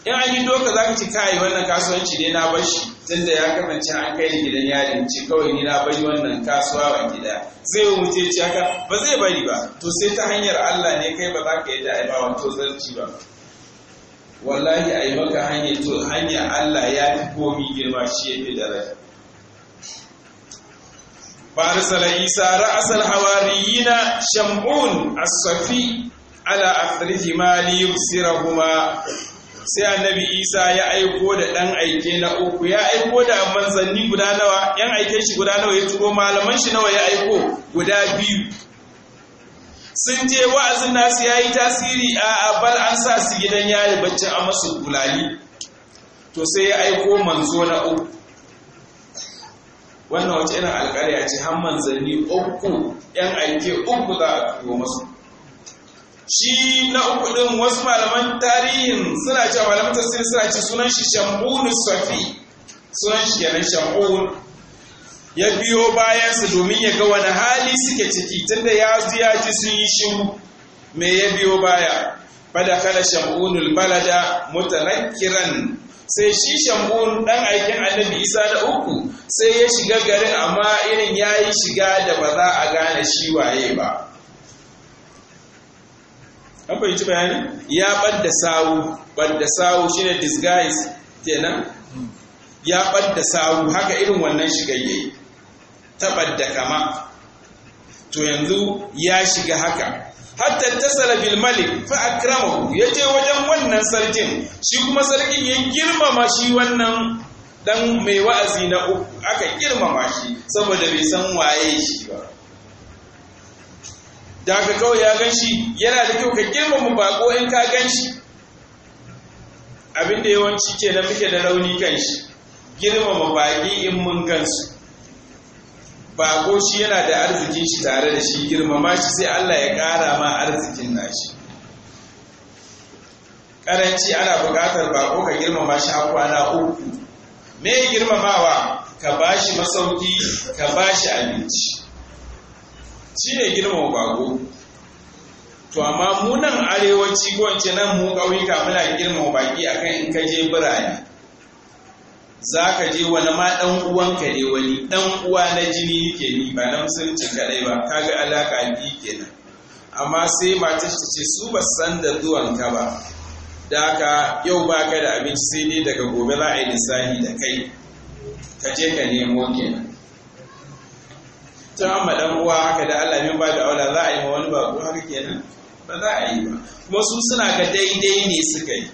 in an yi doka za ka ci kai wannan kasuwanci ne na bashi tunda ya kasance an kai ni gidan yari ce kawai ni na bari wannan kasuwa ba gida zai yi wuce ci haka ba zai bari ba to sai ta hanyar Allah ne kai ba za ka yi a ba wato zarci ba wallahi a yi maka hanyar to hanyar Allah ya fi komi girma shi ya fi daraja فارسل عيسى رأس الحواريين شمعون الصفي على أثرهما ليبصرهما sai annabi isa ya aiko da ɗan aike na uku ya aiko da manzanni guda nawa yan aike shi guda nawa ya turo malaman shi nawa ya aiko guda biyu sun je wa'azin nasu ya yi tasiri a bal an sa su gidan yari baccin a masu bulali to sai ya aiko manzo na uku wannan wace irin alƙarya ce har manzanni uku yan aike uku za a turo masu shi na uku ɗin wasu malaman tarihin suna ce malaman tasiri suna ci sunan shi shambunu safi sunan shi kenan shambun ya biyo bayan su domin ya ga wani hali suke ciki tunda ya ji sun yi shiru me ya biyo baya fada kala shambunul balada mutanakkiran sai shi shambun dan aikin annabi isa da uku sai ya shiga garin amma irin ya yi shiga da ba za a gane shi waye ba an fahimci bayani ya ɓadda sawu ɓadda sawu shi ne disguise kenan ya ɓadda sawu haka irin wannan shigayye ta ɓadda kama to yanzu ya shiga haka hatta tasala bil malik fa akramahu yace wajen wannan sarkin shi kuma sarkin ya girmama shi wannan dan mai wa'azi na uku aka girmama shi saboda bai san waye shi ba da ka kawai ya gan shi yana da kyau ka girmama bako in ka gan shi abin da yawanci ke da muke da rauni kan shi girmama baki in mun gansu bako shi yana da arzikin shi tare da shi girmama shi sai Allah ya ƙara ma arzikin nashi ƙaranci ana buƙatar bako ka girmama shi a kwana uku me girmamawa ka ba shi masauki ka ba shi abinci shi ne girmama bako to amma mu arewaci ko nan mu ƙauyuka muna girmama baki akan in ka je birane za ka je wani ma ɗan uwanka ne wani ɗan uwa na jini yake ni ba na musulunci kaɗai ba ga alaƙa ke kenan amma sai matar ta ce su ba san da zuwanka ba da ka, yau ba ka da abinci sai dai daga gobe za a yi lissafi da kai ka je ka nemo kenan tun amma ɗan uwa haka da Allah min ba da aula za a yi ma wani babu haka kenan ba za a yi ba kuma su suna ga daidai ne suka yi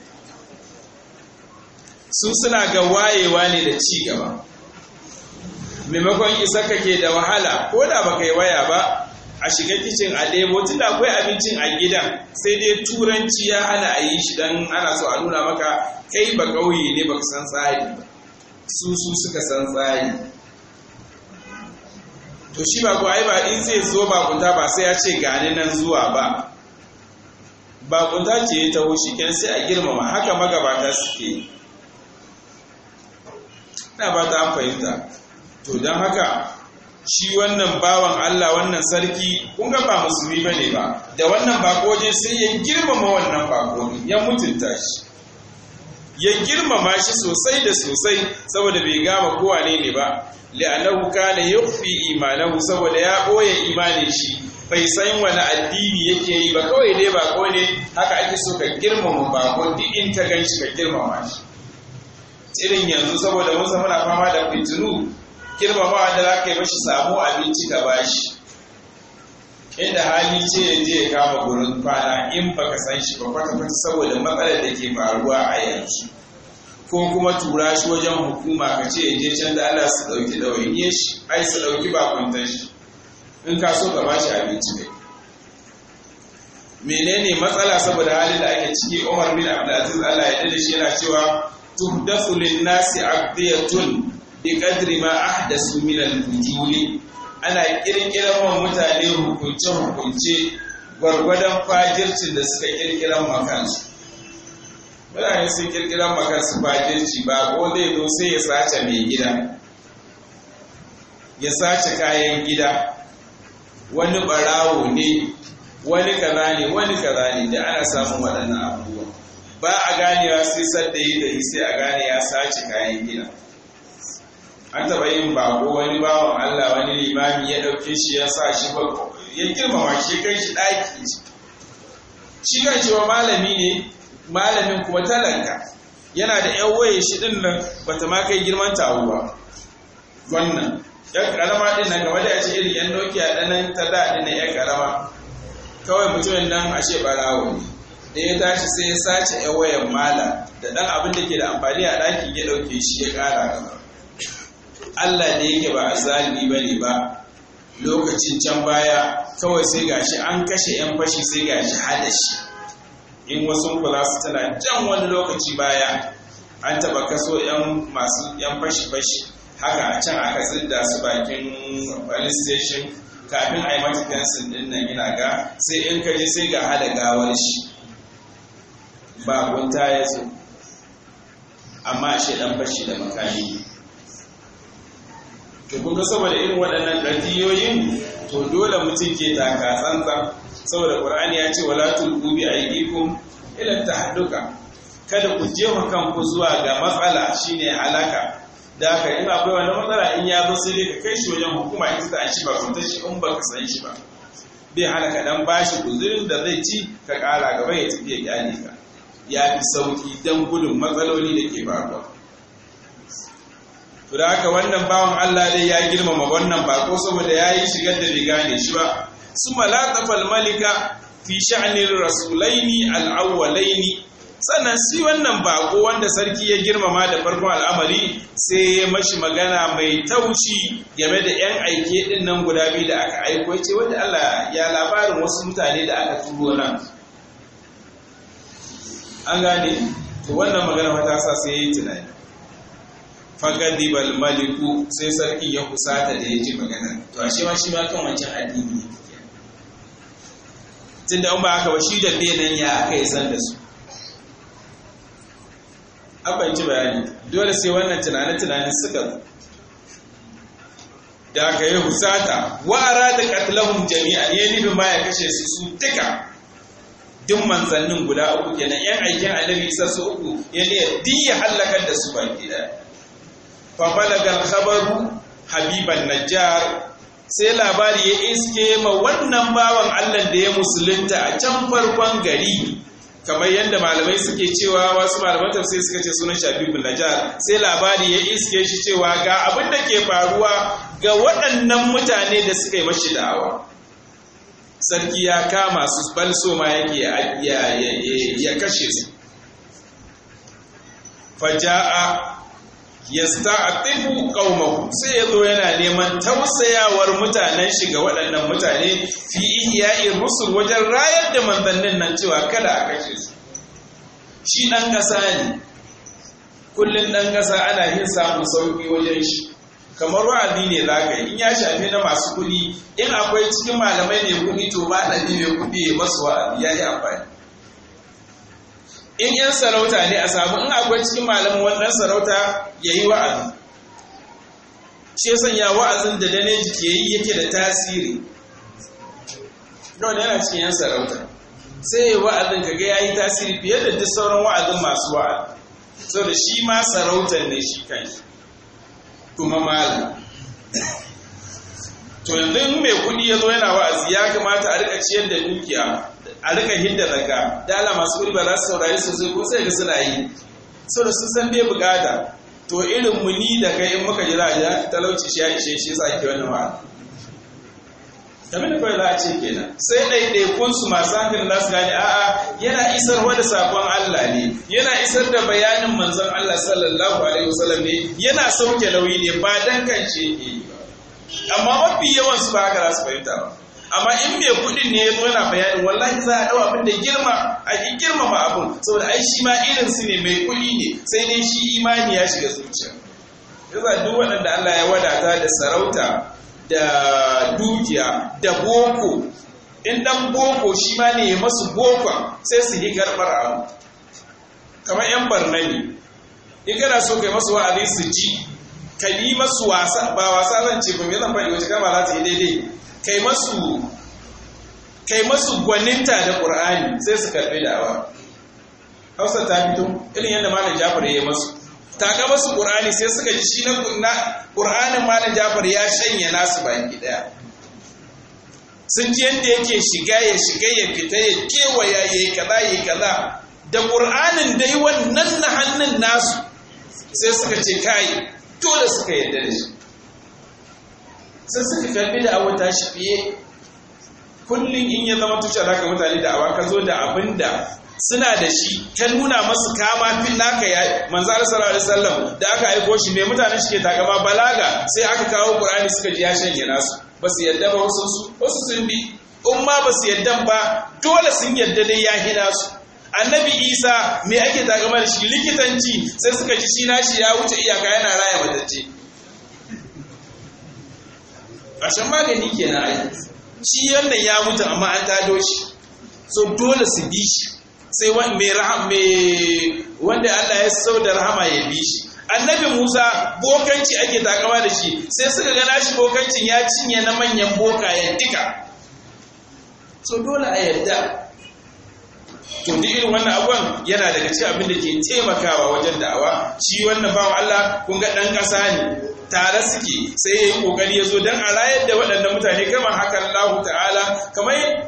su suna ga wayewa ne da ci gaba maimakon isa kake da wahala ko da baka yi waya ba a shiga kicin a ɗebo tun da akwai abincin a gidan sai dai turanci ya hana a yi shi don ana so a nuna maka kai ba ƙauye ne ba san tsari ba su su suka san tsari to shi ba ku ba in zai zo bakunta ba sai ya ce gane nan zuwa ba kunta ce ya ta wuce sai a girmama haka magabata suke na ba ta an fahimta to don haka shi wannan bawan Allah wannan sarki kun ga ba musulmi ba ne ba da wannan bakoje sai ya girmama wannan bako ya mutunta shi ya girmama shi sosai da sosai saboda bai gama kowa ne ne ba li'annahu kana yukhfi imanau saboda ya boye imanin shi bai san wani addini yake yi ba kawai dai bako ne haka ake so ka girmama bako duk in ta ganshi ka girmama shi irin yanzu saboda musa muna fama da fitilu, girmamawa da za ka yi mashi samu abinci ka bashi inda hali ce ya je ya kama gurin kwana in baka san shi ba kwata-kwata saboda matsalar da ke faruwa a yanzu ko kuma tura shi wajen hukuma ka ce ya je can da Allah su ɗauki ɗawainiyar shi ai su ɗauki kwantar shi in ka so ka ba abinci ne menene matsala saboda halin da ake ciki Umar bin Abdulaziz Allah ya dade shi yana cewa tuhdathu lin-nasi 'abdiyatun biqadri ma ahdathu min al-fujuli ana kirkiran wa mutane hukunce hukunce gwargwadon fajircin makansu mutane sun kirkiran makansu fajirci ba ko zai sai ya sace mai gida ya sace kayan gida wani barawo ne wani kaza wani kaza da ana samun waɗannan ba a ganewa sai sadda yi da yi sai a gane ya sace kayan gida an taba yin bako wani bawan Allah wani limami ya dauke shi ya sa shi ya girmama shi kai shi daki shi kan cewa malami ne malamin kuma talanka yana da yan waye shi ɗin nan bata ma kai girman tawuwa wannan yan karama ɗin na game da ya ce irin yan doki a ɗanan ta daɗi na yan karama kawai mutumin nan ashe barawo ne da ya tashi sai ya sace ya wayan mala da dan abin da ke da amfani a ɗakin ya ɗauke shi ya ƙara gaba Allah da yake ba a zalimi ba ne ba lokacin can baya kawai sai gashi an kashe yan fashi sai gashi hada shi in wasu kula su tana jan wani lokaci baya an taɓa kaso yan masu yan fashi fashi haka a can aka zidda su bakin police station kafin a yi mata fensin ɗin nan yana ga sai in kaji sai ga hada gawar shi ba gunta ya zo amma shi dan bashi da makami to kun saboda irin waɗannan radiyoyin to dole mutum ke taka tsantsan saboda qur'ani ya ce wala tulqu bi aydikum ila tahadduka kada ku je jefa kanku zuwa ga matsala shine halaka da haka in akwai wani matsala in ya zo sai ka kai shi wajen hukuma ita ta shi ba ta shi in baka san shi ba bai halaka dan bashi guzurin da zai ci ka kara gaba ya tafi ya ka ya fi sauki don gudun matsaloli da ke faruwa to da haka wannan bawan Allah dai ya girmama wannan bako saboda ya yi shigar da bai gane shi ba su malatafal malika fi sha'anin rasulaini al'awwalaini sannan si wannan bako wanda sarki ya girmama da farkon al'amari sai ya mashi magana mai taushi game da 'yan aike ɗin nan guda biyu da aka aiko ce wanda Allah ya labarin wasu mutane da aka turo nan an gane to wannan magana ta sa sai yayi tunani fagadibal maliku sai sarki ya kusata da ya ji magana to a ma shi ma kan wancan addini ne tunda an ba haka ba shi da nan ya aka yi san da su Akwai ci bayani dole sai wannan tunani-tunani suka da aka yi husata wa arada jami'a jami'an yayi nufin ma ya kashe su su duka duk manzannin guda uku kenan yan aikin annabi isa su uku ya ne duk ya halakar da su ban daya fa balaga khabaru habiban najjar sai labari ya iske ma wannan bawan Allah da ya musulunta a can farkon gari kamar yadda malamai suke cewa wasu malaman tafsir suka ce sunan shabibul najjar sai labari ya iske shi cewa ga abin da ke faruwa ga waɗannan mutane da suka yi mashi da'awa sarki ya kama su bal ma yake ya kashe su faja'a ya yasta'tifu qaumahu sai ya yazo yana neman tausayawar mutanen shi ga waɗannan mutane fi ihya'i rusul wajen rayar da manzannin nan cewa kada a kashe su shi ɗan ƙasa ne kullum ɗan ƙasa ana yin samun sauƙi wajen shi kamar wa'azi ne za ka yi in ya shafi na masu kuɗi in akwai cikin malamai ne kuɗi to malami mai kuɗi ya masu wa'azi ya yi amfani in yan sarauta ne a samu in akwai cikin malamin wannan sarauta ya yi wa'azi shi ya sanya wa'azin da dane jike yi yake da tasiri don yana cikin yan sarauta sai wa'azin kaga yi tasiri fiye da duk sauran wa'azin masu wa'azi saboda shi ma sarautar ne shi kanshi kuma malam to yanzu in mai kuɗi ya zo yana wa'azi ya kamata a rika ciyar da dukiya a rika hidda daga dala masu kuɗi ba za su saurari sosai ko sai ga suna yi saboda sun san bai bukata to irin mu ni da kai in muka jira ya talauci shi ya ishe shi yasa ake wannan kamar da kawai za a ce kenan sai ɗaiɗaikun su masu hankali za su gane a'a yana isar da sakon Allah ne yana isar da bayanin manzon Allah sallallahu alaihi wasallam ne yana sauke nauyi ne ba dan kance shi yi ba amma mafi yawan su ba haka za su fahimta ba amma in mai kuɗin ne yazo yana bayani wallahi za a ɗau abin da girma a ki girmama abun saboda ai shi ma irin su ne mai kuɗi ne sai dai shi imani ya shiga zuciya yasa duk waɗanda Allah ya wadata da sarauta da dukiya da boko in dan boko shi ma ne ya masu boko sai su yi garbar abu kamar yan barnani in kana so kai masu wa'azi su ji ka yi masu wasa ba wasa zan ce ba me zan faɗi wace kama za daidai kai masu gwaninta da ƙur'ani sai su karɓi da'awa hausa ta fito irin yadda malam jafar ya masu Ta taga masu ƙur'ani sai suka ji shi na ƙur'anin malam jafar ya shanye nasu baki ɗaya sun ji yadda yake shiga ya shiga ya fita ya kewaya ya yi kaza ya yi kaza da ƙur'anin dai wannan na hannun nasu sai suka ce kai dole suka yarda da shi sai suka fi da ta tashi fiye kullum in ya zama tushe za mutane da awa ka zo da abin da suna da shi ta nuna masu kama tun naka ya manzar sallallahu alaihi wasallam da aka aiko shi me mutane ke takama balaga sai aka kawo qur'ani suka ji ya shanye nasu ba su yadda ba wasu su wasu sun bi in ma ba su yadda ba dole sun yadda dai ya hina su annabi isa me ake takama da shi likitanci sai suka ji shi nashi ya wuce iyaka yana raya A ƙarshen magani kenan ai shi wannan ya mutu amma an tado shi so dole su bi shi sai mai wanda Allah ya sau da rahama ya bi shi annabi Musa bokanci ake takawa da shi sai suka gana shi bokancin ya cinye na manyan bokayen duka so dole a yarda to duk irin wannan abuwan yana daga cikin abin da ke taimakawa wajen da'awa shi wannan bawa Allah kun ga dan ƙasa ne tare suke sai ya yi kokari ya zo don a rayar da waɗannan mutane kamar haka Allah ta'ala kamar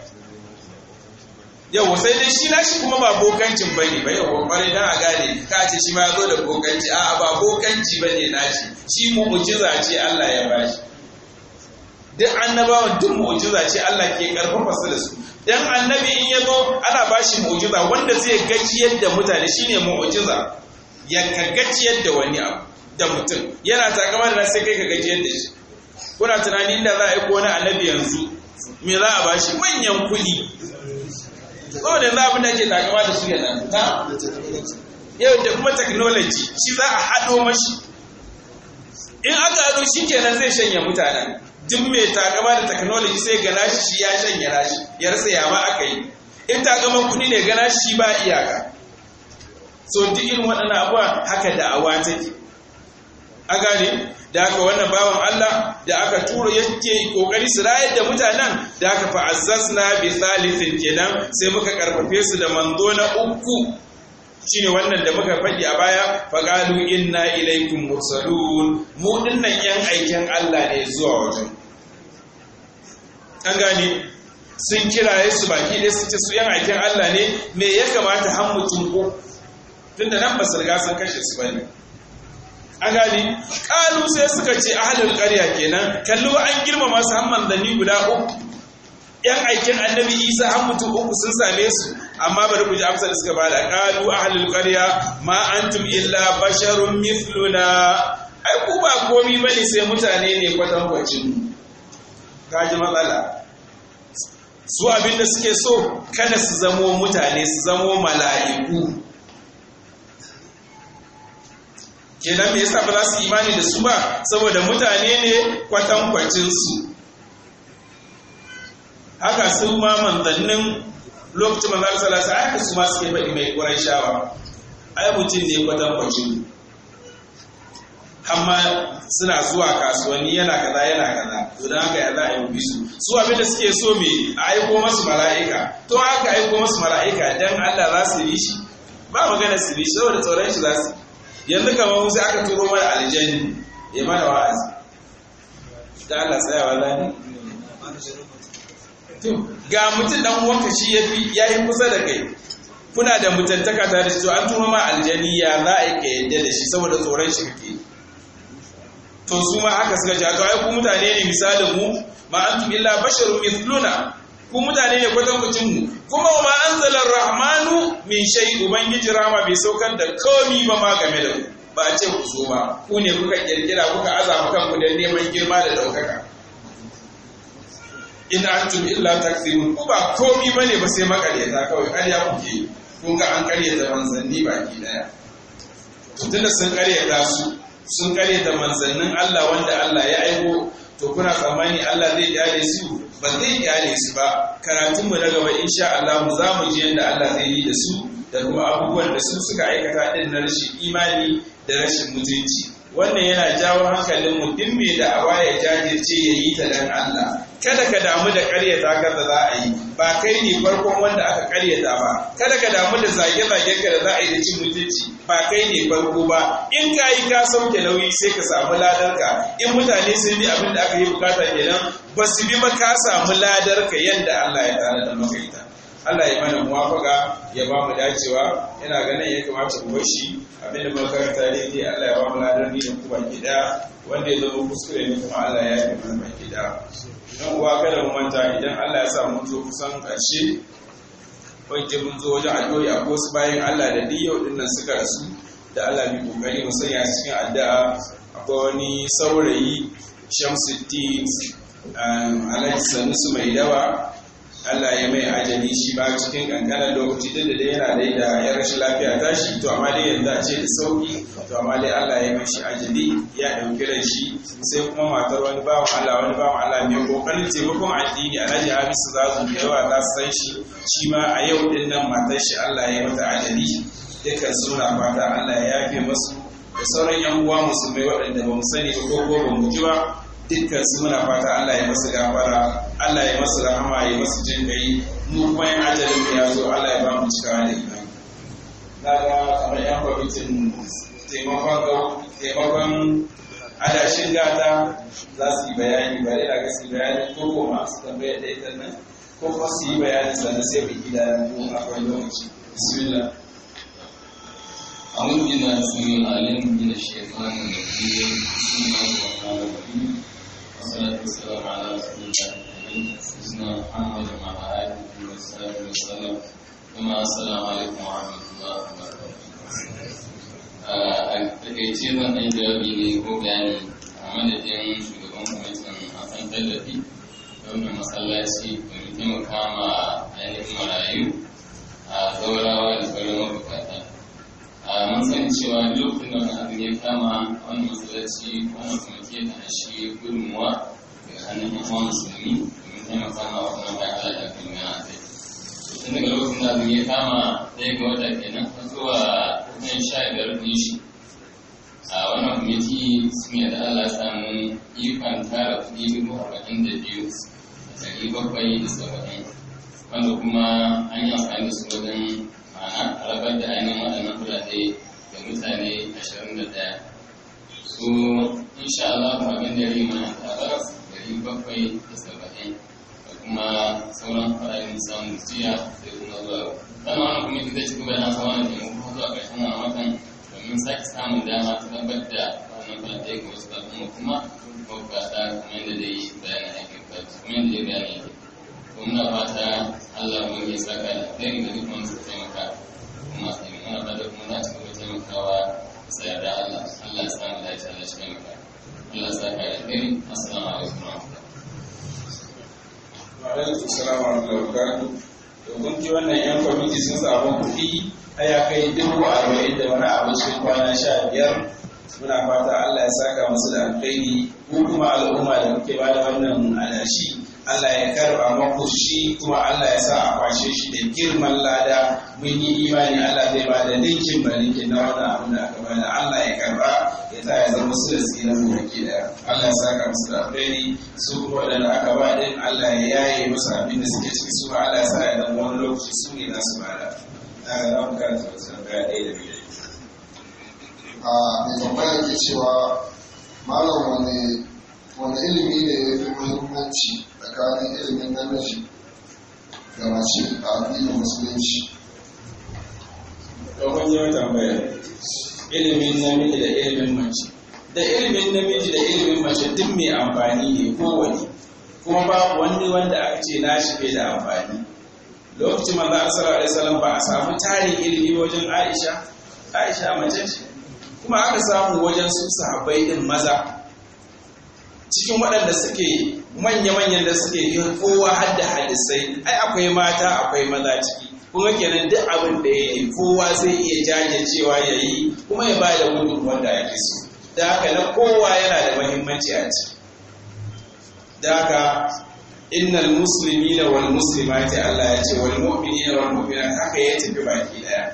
yau sai dai shi nashi kuma ba bokancin ba ne ba yau kwarai don a gane ka ce shi ma zo da bokanci a'a ba bokanci ba ne nashi shi mu'ujiza ce Allah ya bashi duk annabawan duk mu'ujiza ce Allah ke karfin su da su dan annabi in ya zo ana bashi mu'ujiza wanda zai gajiyar da mutane ne mu'ujiza ya ka gajiyar da wani abu da mutum yana takama da sai kai ka gajiyar da shi kuna tunanin da za a yi ko wani annabi yanzu me za a bashi manyan kuɗi saboda yanzu abin da ke takama da su yana na yau da kuma technology shi za a haɗo mashi in aka haɗo shi kenan zai shanya mutanen duk mai takama da technology sai gana shi ya shanya nashi ya rasa yama aka yi in takaman kuɗi ne gana shi ba iyaka so duk irin waɗannan abuwa haka da'awa take a gane da aka wannan bawan Allah da aka tura yake kokari su rayar da mutanen da aka fa'azzasna bi thalithin kenan sai muka karfafe su da manzo na uku ne wannan da muka faɗi a baya faqalu inna ilaikun mursalun mu dinnan yan aikin Allah ne zuwa wajen an gane sun kiraye su baki ne su ce su yan aikin Allah ne me ya kamata han mutum ko tunda nan ba su riga sun kashe su ba bane a gani ƙalu sai suka ce a halin ƙarya kenan kallo an girmama su hamman da ni guda uku yan aikin annabi isa an mutum uku sun same su amma bari ku ji amsar da suka bada ƙalu ahalin ƙarya ma antum illa basharun mithluna ai ku ba komi bane sai mutane ne kwatankwacin ji matsala su abinda suke so kada su zamo mutane su zamo mala'iku kenan me yasa ba za su imani da su ba saboda mutane ne kwatankwacin su haka su ma manzannin lokacin manzan salasa haka su ma suke faɗi mai ƙurai shawa ai mutum ne kwatankwacin amma suna zuwa kasuwanni yana kaza yana kaza to don haka ya za a yi su su abinda suke so me a aiko masu mala'ika to haka aiko masu mala'ika dan Allah za su yi shi ba magana su yi shi saboda tsoron shi za su yi. yanzu kamar sai aka turo mana aljani ya mana wa'azi ta Allah zani ga mutum dan wanka shi ya ya yi kusa da kai kuna da mutuntaka tare da to an turo ma aljani ya za a yi yadda da shi saboda tsoron shi kake to su ma haka suka shi to ai ku mutane ne misalin mu ma antum illa basharun mithluna ku mutane ne kwatankwacin mu kuma wa anzala rahmanu min shay ubangiji rama bai saukar da komi ba ma game da ku ba a ce ku so ba ku ne kuka kirkira kuka azama kanku da neman girma da daukaka in antum illa takzibun ku ba komi bane ba sai makaryata kawai karya kuke kun ga an da manzanni baki daya tunda sun karyata su sun da manzannin Allah wanda Allah ya aiko to kuna tsammani Allah zai gyare su ba zai gyare su ba karatun mu na gaba insha Allah za mu ji yadda Allah zai yi da su da kuma abubuwan da su suka aikata din na rashin imani da rashin mutunci wannan yana jawo hankalin mu din mai da awa ya jajirce ya yi ta dan Allah kada ka damu da karyata ka da za a yi ba kai ne farkon wanda aka karyata ba kada ka damu da zage-zagen ka da za a yi da cin mutunci ba kai ne farko ba in ka yi ka sauke nauyi sai ka samu ladarka in mutane sun bi abin da aka yi bukata kenan ba su bi ba ka samu ladarka yadda Allah ya tare da maka Allah ya mana muwafaka ya ba mu dacewa yana ganin ya kamata mu bashi abin da muka karanta ne Allah ya ba mu ladar ni ku kuma gida wanda ya zama kuskure ne kuma Allah ya yi mana gida dan uwa kada mu manta idan Allah ya sa mu zo kusan ƙarshe wajen mun zo wajen addu'o'i a wasu bayan Allah da duk yau dinnan suka rasu da Allah mai kokari mu sanya cikin addu'a akwai wani saurayi Shamsuddin um, Alhaji mai dawa Allah ya mai ajali shi ba cikin kankanan lokaci din da dai yana dai da ya rashin lafiya tashi to amma dai yanzu a ce da sauki to amma dai Allah ya mai shi ajali ya ɗauki ran shi sai kuma matar wani ba mu Allah wani ba mu Allah mai kokarin taimakon addini Alhaji Hamisu su da yawa za su san shi shi ma a yau din nan matar shi Allah ya mata ajali dukkan suna fata Allah ya yafe masu da sauran yan uwa musulmai waɗanda ba mu sani ba ko ko ba mu ji ba dukkan su muna fata Allah ya masu gafara Allah ya masu rahama ya masu jin gai mu kuma yin ajalin ya zo Allah ya ba mu cika da imani daga kamar yan kwamitin taimakon taimakon adashin gata za su yi bayani ba da ga su bayani ko ko masu tambaya da ita nan ko ko su yi bayani sannan sai mu gida ko akwai lokaci bismillah أعوذ بالله السميع العليم من الشيطان الرجيم بسم الله الرحمن الرحيم والصلاة kuma a madadin shugaban akan masallaci a da a mun san cewa lokacin da wani abin ya kama wani masallaci ko masamaki da shi gudunmuwa daga hannun yan uwa musulmi domin taimaka ma wannan bayan Allah da kuma yana kai tun daga lokacin da abin ya kama ɗaya ga wata kenan har zuwa kusan sha biyar ɗin shi a wannan kwamiti sun yarda Allah samu ikon tara kuɗi dubu arba'in da biyu ɗari bakwai da saba'in wanda kuma an yi amfani da su wajen a da ainihin waɗannan kudade da mutane 21 da insha Allah abin da rima tarar 770 da kuma sauran fara'in samun jiya sai kuma zuwa dama wani kuma zai ci gaba da sauran da mu zuwa ƙarshen wani watan domin sake samun dama ta tabbatar da wannan kudade ga wasu al'umma kuma ko ka ta kuma yadda dai bayanin aikin ka kuma yadda dai bayanin muna fata Allah mu yi saka da kai da duk wanda taimaka kuma sai muna fata kuma za ci gaba taimakawa sai da Allah Allah ya samu da shi Allah shi taimaka Allah ya saka da kai assalamu alaikum wa rahmatullahi assalamu alaikum wa barakatuh to kun ji wannan yan kwamiti sun samu kuɗi ya kai dubu arba'in da wani abu sun kwana sha biyar muna fata Allah ya saka musu da alkhairi ko kuma al'umma da muke ba da wannan adashi Allah ya karba maku shi kuma Allah ya sa a kwashe shi da girman lada mun yi imani Allah zai ba da ninkin ba ninkin na wannan abin da aka bada Allah ya karba ya sa ya zama su da tsira mu baki da Allah ya saka musu da alheri su kuma wadanda aka ba din Allah ya yaye musu abin da suke ciki su Allah ya sa ya zama wani lokaci su ne za su bada daga za mu karanta wasu tambaya ɗaya da biyu. a ah, mai tambaya ke cewa malam wani wani ilimi ne ya fi muhimmanci tsakanin ilimin namiji da mace a addinin musulunci domin yau tambaya ilimin namiji da ilimin mace da ilimin namiji da ilimin mace duk mai amfani ne kowane kuma babu wani wanda aka ce na shi da amfani lokacin manzo Allah sallallahu alaihi wasallam ba a samu tarin ilimi wajen Aisha Aisha mace ce kuma aka samu wajen su sahabbai din maza cikin waɗanda suke manya-manyan da suke yin kowa har hadisai ai akwai mata akwai maza ciki kuma kenan duk abin da ya yi kowa zai iya cewa ya yi kuma ya ba da gudun wanda ya ke so da haka na kowa yana da mahimmanci a ciki da haka innal musulmi da wal ce Allah ya ce wal mu'mini da wal mu'minat haka ya tafi baki daya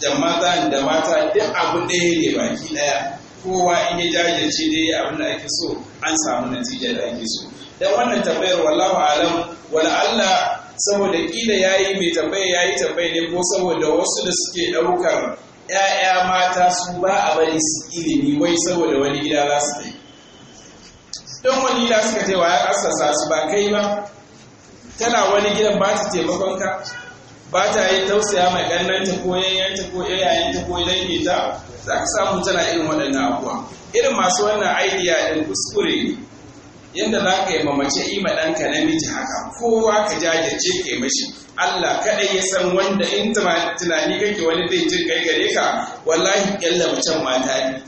da da mata duk abu ɗaya ne baki daya kowa in ya jajirce dai abin da ake so an samu natija da ake so dan wannan tambayar wallahu alam wal Allah saboda kila yayi mai tambaya yayi tambaya ne ko saboda wasu da suke daukar ‘ya'ya mata su ba a bari su ilimi wai saboda wani gida za su kai. Don wani gida suka ce wa ya asasa su ba kai ba, tana wani gidan ba ta taimakon ka, ba ta yi tausaya mai ƙannanta ko yayyanta ko yayyanta ko danginta za ka samu tana irin waɗannan abuwa irin masu wannan aidiya ɗin kuskure ne yadda za ka yi mamace yi ma ɗanka miji haka kowa ka jajirce ka yi mashi Allah kaɗai ya san wanda in tunani kake wani zai jin kai gare ka wallahi ƙyalla macen mata ne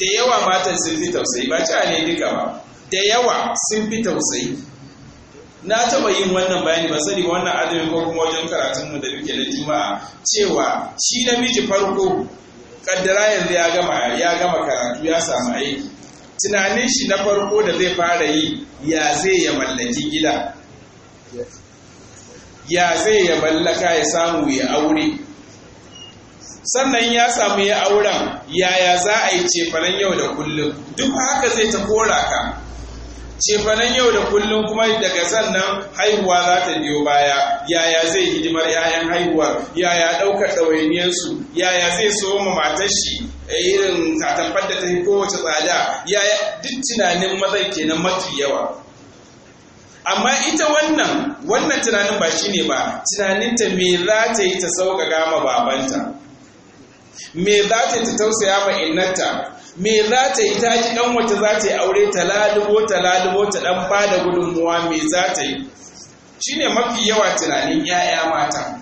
da yawa matan sun fi tausayi ba ci ne duka ba da yawa sun fi tausayi na taɓa yin wannan bayani ba sani wannan adami ko kuma wajen karatun mu da muke na juma'a cewa shi namiji farko kaddara yanzu ya gama ya gama karatu ya samu aiki tunanin shi na farko da zai fara yi ya zai ya mallaki gida ya zai ya mallaka ya samu ya aure sannan ya samu ya auren yaya za a yi cefanen yau da kullum duk haka zai ta kora ka cefanen yau da kullum kuma daga sannan haihuwa za ta biyo baya yaya zai hidimar 'ya'yan haihuwa yaya ɗaukar ɗawainiyarsu yaya zai so ma matar shi eh, irin tatabbar da ta fi kowace tsada yaya duk tunanin mazai kenan mafi yawa amma ita wannan wannan tunanin ba shine ba tunaninta me za ta yi ta sauƙaƙa ma babanta me za ta yi ta tausaya ma innarta me za ta yi ta ji ɗan wata za ta yi aure ta lalubo ta ɗan ta ɗan ba da gudunmuwa me za ta yi ne mafi yawa tunanin 'ya'ya mata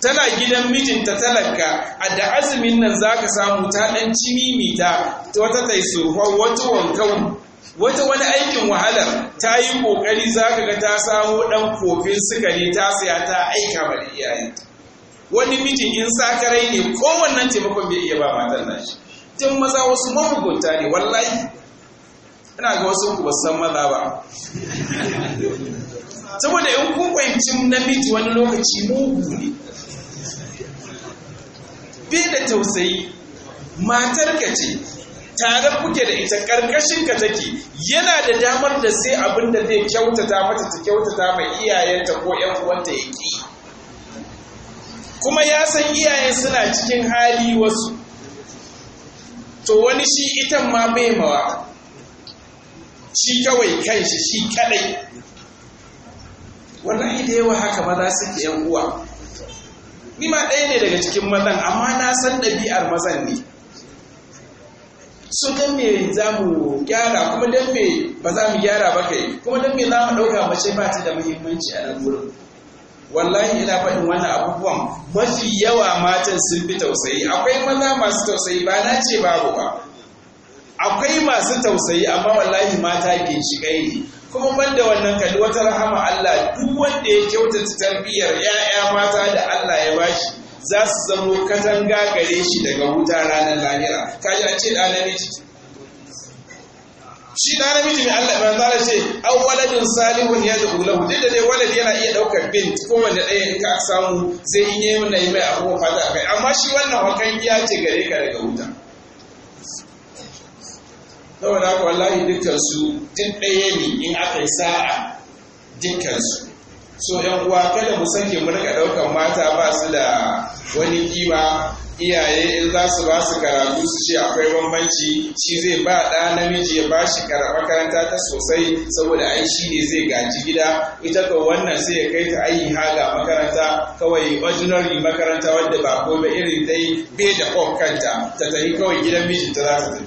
tana gidan mijinta talaka a da azumin nan za ka samu ta ɗan cimimita ta wata ta yi surfan wata wankan wata wani aikin wahalar ta yi kokari ka ga ta samu ɗan kofin sukari ta siya ta aika ma iyayenta wani mijin in sakarai ne kowanne taimakon bai iya ba matan nashi tun maza wasu mahugunta ne wallahi ina ga wasu ku san maza ba saboda in kun fahimci namiji wani lokaci mugu ne bi da tausayi matar ka ce tare kuke da ita karkashin ka take yana da damar da sai abin da zai kyautata mata ta kyautata mai iyayenta ko yan uwanta ya ke. kuma ya san iyayen suna cikin hali wasu to wani shi itan ma bai mawa shi kawai kanshi shi kadai Wannan da yawa haka maza suke yan uwa ni ma ɗaya ne daga cikin mazan amma na san ɗabi'ar mazan ne Su dan me za mu gyara kuma dan me ba za mu gyara ba kai kuma dan me za mu ɗauka mace ba ta da muhimmanci a nan wurin wallahi ina faɗin wannan abubuwan mafi yawa matan sun fi tausayi akwai maza masu tausayi ba na ce babu ba akwai masu tausayi amma wallahi mata ginshiƙai ne kuma banda wannan kalli wata rahama Allah duk wanda ya kyautata tarbiyyar 'ya'ya mata da Allah ya bashi za su zamo katanga gare shi daga wuta ranar lahira kaji an ce ɗa shi da namiji ne Allah ban zara ce aw waladin salihun ya da ulahu duk da dai walad yana iya daukar bin ko wanda ɗaya in ka samu zai yi ne mai mai abu fata kai amma shi wannan hakan giya ce gare ka daga wuta saboda haka wallahi dukkan su tun ɗaya ne in aka yi sa'a dukkan su so yan uwa kada mu sake mu rika daukan mata ba su da wani kima iyaye in za su ba su karatu su ce akwai bambanci shi zai ba ɗa namiji ya ba shi makaranta ta sosai saboda ai shi ne zai gaji gida ita ko wannan sai ya kai ta ayi haga makaranta kawai ordinary makaranta wadda ba ko ba irin dai bai da kanta ta tafi kawai gidan mijinta za ta tafi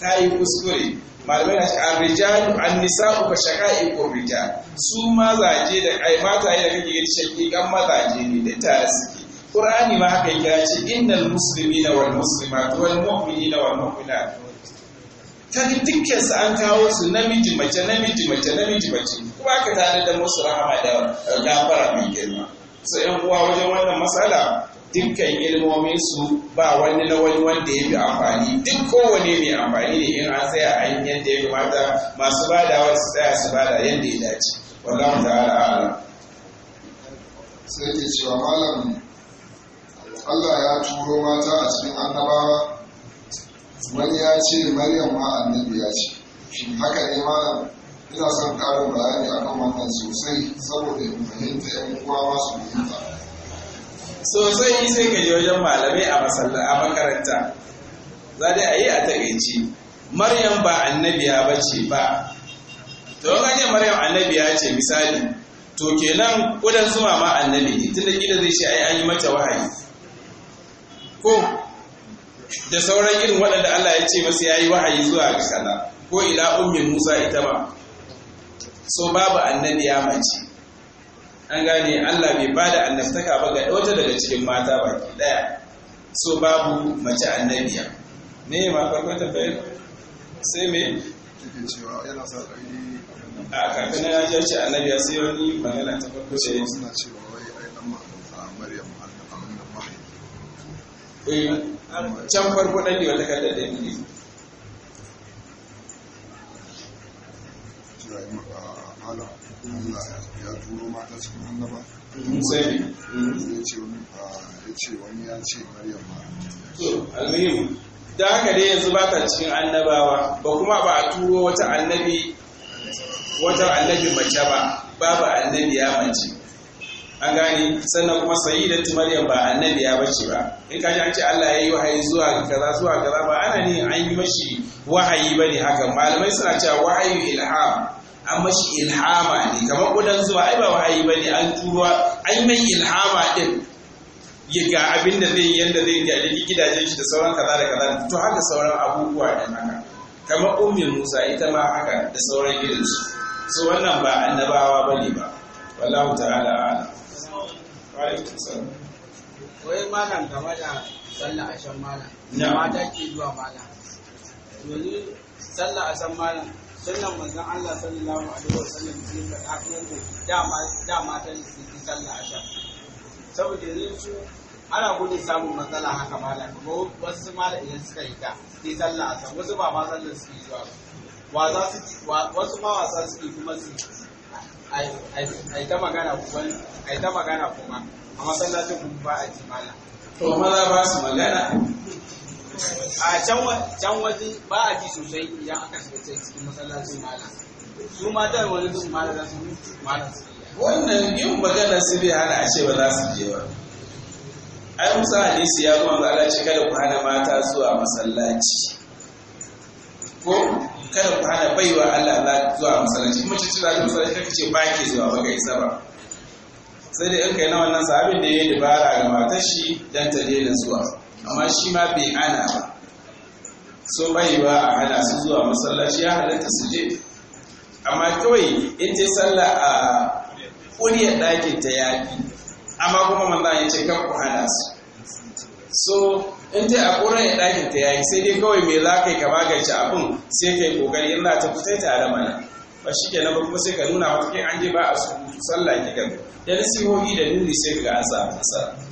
ta yi kuskure malamai na cikin arrijalu an nisa'u ka shaka'i ko rija su mazaje da ai mataye da kake shakki kan mazaje ne da ta suke qur'ani ma haka yake ce innal muslimina wal muslimat wal mu'minina wal mu'minat ta dukkan su an kawo su namiji mace namiji mace namiji mace kuma aka tare da musu rahama da gafara mai girma sai yan uwa wajen wannan matsala dukkan su ba wani na wani wanda ya fi amfani duk kowane mai amfani ne in an tsaya a yin yadda ya kamata masu da su tsaya su bada yadda ya dace wallahu ta'ala ala sai ke cewa malam Allah ya turo mata a cikin annabawa wani ya ce maryam ma annabi ya ce haka ne malam ina son ƙarin bayani akan wannan sosai saboda fahimta yan uwa masu fahimta sosai sai ka je wajen malamai a makaranta za dai a yi a takaici maryam ba annabiya ba ce ba to ne maryam annabiya ce misali to kenan kudan zuma ma annabi ne tunda kila zai a ai an yi mata wahayi ko da sauran irin waɗanda Allah ya ce masa yayi wahayi zuwa ga ko ila ummi Musa ita ba so babu annabiya mace an gane Allah bai bada annabtaka ba ga wata daga cikin mata baki ɗaya so babu mace annabiya me ma farkon tafiyar sai me a kafin na ji ce annabiya sai wani magana ta farko ce suna cewa wai ai dan mahaifa Maryam annabawan nan mahaifi eh can farko dan ne wata kada da ne Thank ya turo mata cikin annaba sai ce wani ya ce wani ya ce maryam ba to almuhim da haka dai yanzu ba ta cikin annabawa ba kuma ba a turo wata annabi wata annabi mace ba babu annabi ya mace an gane sannan kuma sayyidatu maryam ba annabi ya bace ba in ka kaji an ce Allah yayi wahayi zuwa kaza zuwa kaza ba ana ne an yi mashi wahayi bane haka malamai suna cewa wahayi ilham an mashi ilhama ne kamar kudan zuwa ai ba wahayi ba ne an turo an mai ilhama din ya ga abin da zai yanda zai ga da gidajen shi da sauran kaza da kaza to haka sauran abubuwa ne haka kamar ummin Musa ita ma haka da sauran irin su so wannan ba annabawa bane ba wallahu ta'ala a'lam wa alaikum salam wai malam game da sallah ashan malam mata ke zuwa malam yanzu sallah ashan malam sunnan manzon Allah sallallahu alaihi wasallam ne da kafin dama dama ta yi sallah asha saboda su ana gudun samun matsala haka mala ko wasu mala idan suka yi ta sai sallah asha wasu ba ma sallar su yi wa za su wasu ma wasa su yi kuma su ai ta magana kuma ai ta magana kuma a masallacin kuma ba a ji mala to maza ba su magana a can waje ba a ji sosai idan aka shiga cikin masallacin mala su mata wani duk mala za su malam su wannan yin magana su bai hana a ce ba za su je ba ai musa hadisi ya kuma ga ce kada ku hana mata zuwa masallaci ko kada ku hana baiwa Allah za zuwa masallaci mace ce za ta masallaci kake ce ba ke zuwa ba kai saba sai da in kai na wannan sabin da ya yi dabara ga matar shi dan ta daina zuwa amma shi ma bai ana ba so bai ba a hana su zuwa masallaci ya halatta su je amma kawai in ce sallah a kuriya ɗakin ta yaƙi amma kuma manza ya ce kan ku hana su so in ce a kuriya ɗakin ta yayi sai dai kawai me za ka yi ka magance abin sai kai kokari in za ta fita da mana ba shi ke nan kuma sai ka nuna wata an je ba a su sallah ki gaba da nasihohi da nuni sai ka ga an samu nasara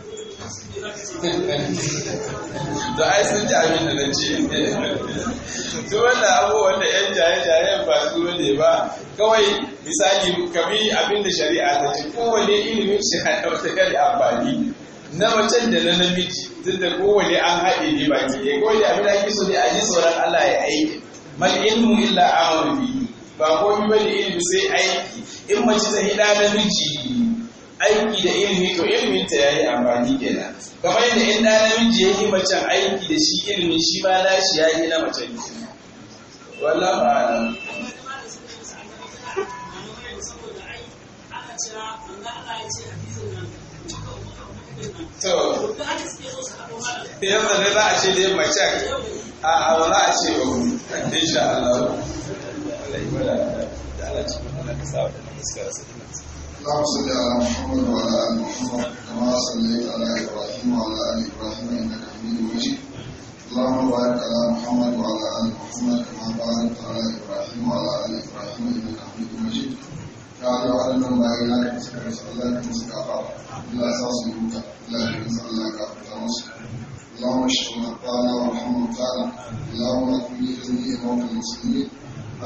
da ai sun ji abin da na ce to wannan abubuwan da yan jaye jaye ba su ne ba kawai misali kabi abin da shari'a ta ce kowane ilimin shari'a wata kare amfani na macen da na namiji duk da kowane an haɗe ne ke. Ko kowane abin da ake so ne a ji sauran Allah ya aiki mal ilmu illa bi, ba ko bi bane ilimi sai aiki in mace ta hida namiji aiki da ilimi to ilimin ta yayi amfani kenan kamar yadda in ɗan namiji ya yi macen aiki da shi ilimi shi ma nashi ya yi na macen wallahi ba alam to yanzu ne za a ce da yin macen a hawa a ce ba insha Allah Allah ya bada da Allah cikin Allah ka sa wa da fuskar sa اللهم صل على محمد وعلى ال محمد كما صليت على ابراهيم وعلى ال ابراهيم انك حميد مجيد اللهم بارك على محمد وعلى ال محمد كما باركت على ابراهيم وعلى ال ابراهيم انك حميد مجيد يا الله علمنا ما يلاك مسكر الله كمسك عفاف لا اساس يموت لا يمس الله كافر اللهم اشف مرضانا وارحم مرضانا اللهم اغفر لي ذنبي موت المسلمين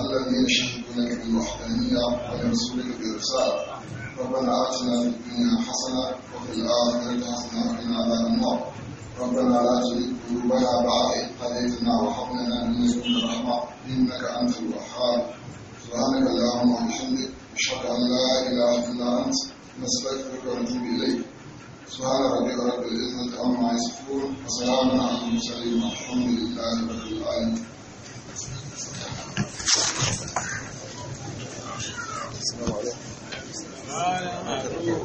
الذي يشهد لك بالوحدانيه ولرسولك بالرساله ربنا آتنا في الدنيا حسنة وفي الآخرة حسنة وقنا عذاب النار ربنا لا تزغ قلوبنا بعد إذ هديتنا وهب لنا من لدنك رحمة إنك أنت الوهاب سبحانك اللهم وبحمدك أشهد أن لا إله إلا أنت نستغفرك ونتوب إليك سبحان ربك رب العزة عما يصفون وسلام على المرسلين والحمد لله رب العالمين السلام عليكم Аллилуйя.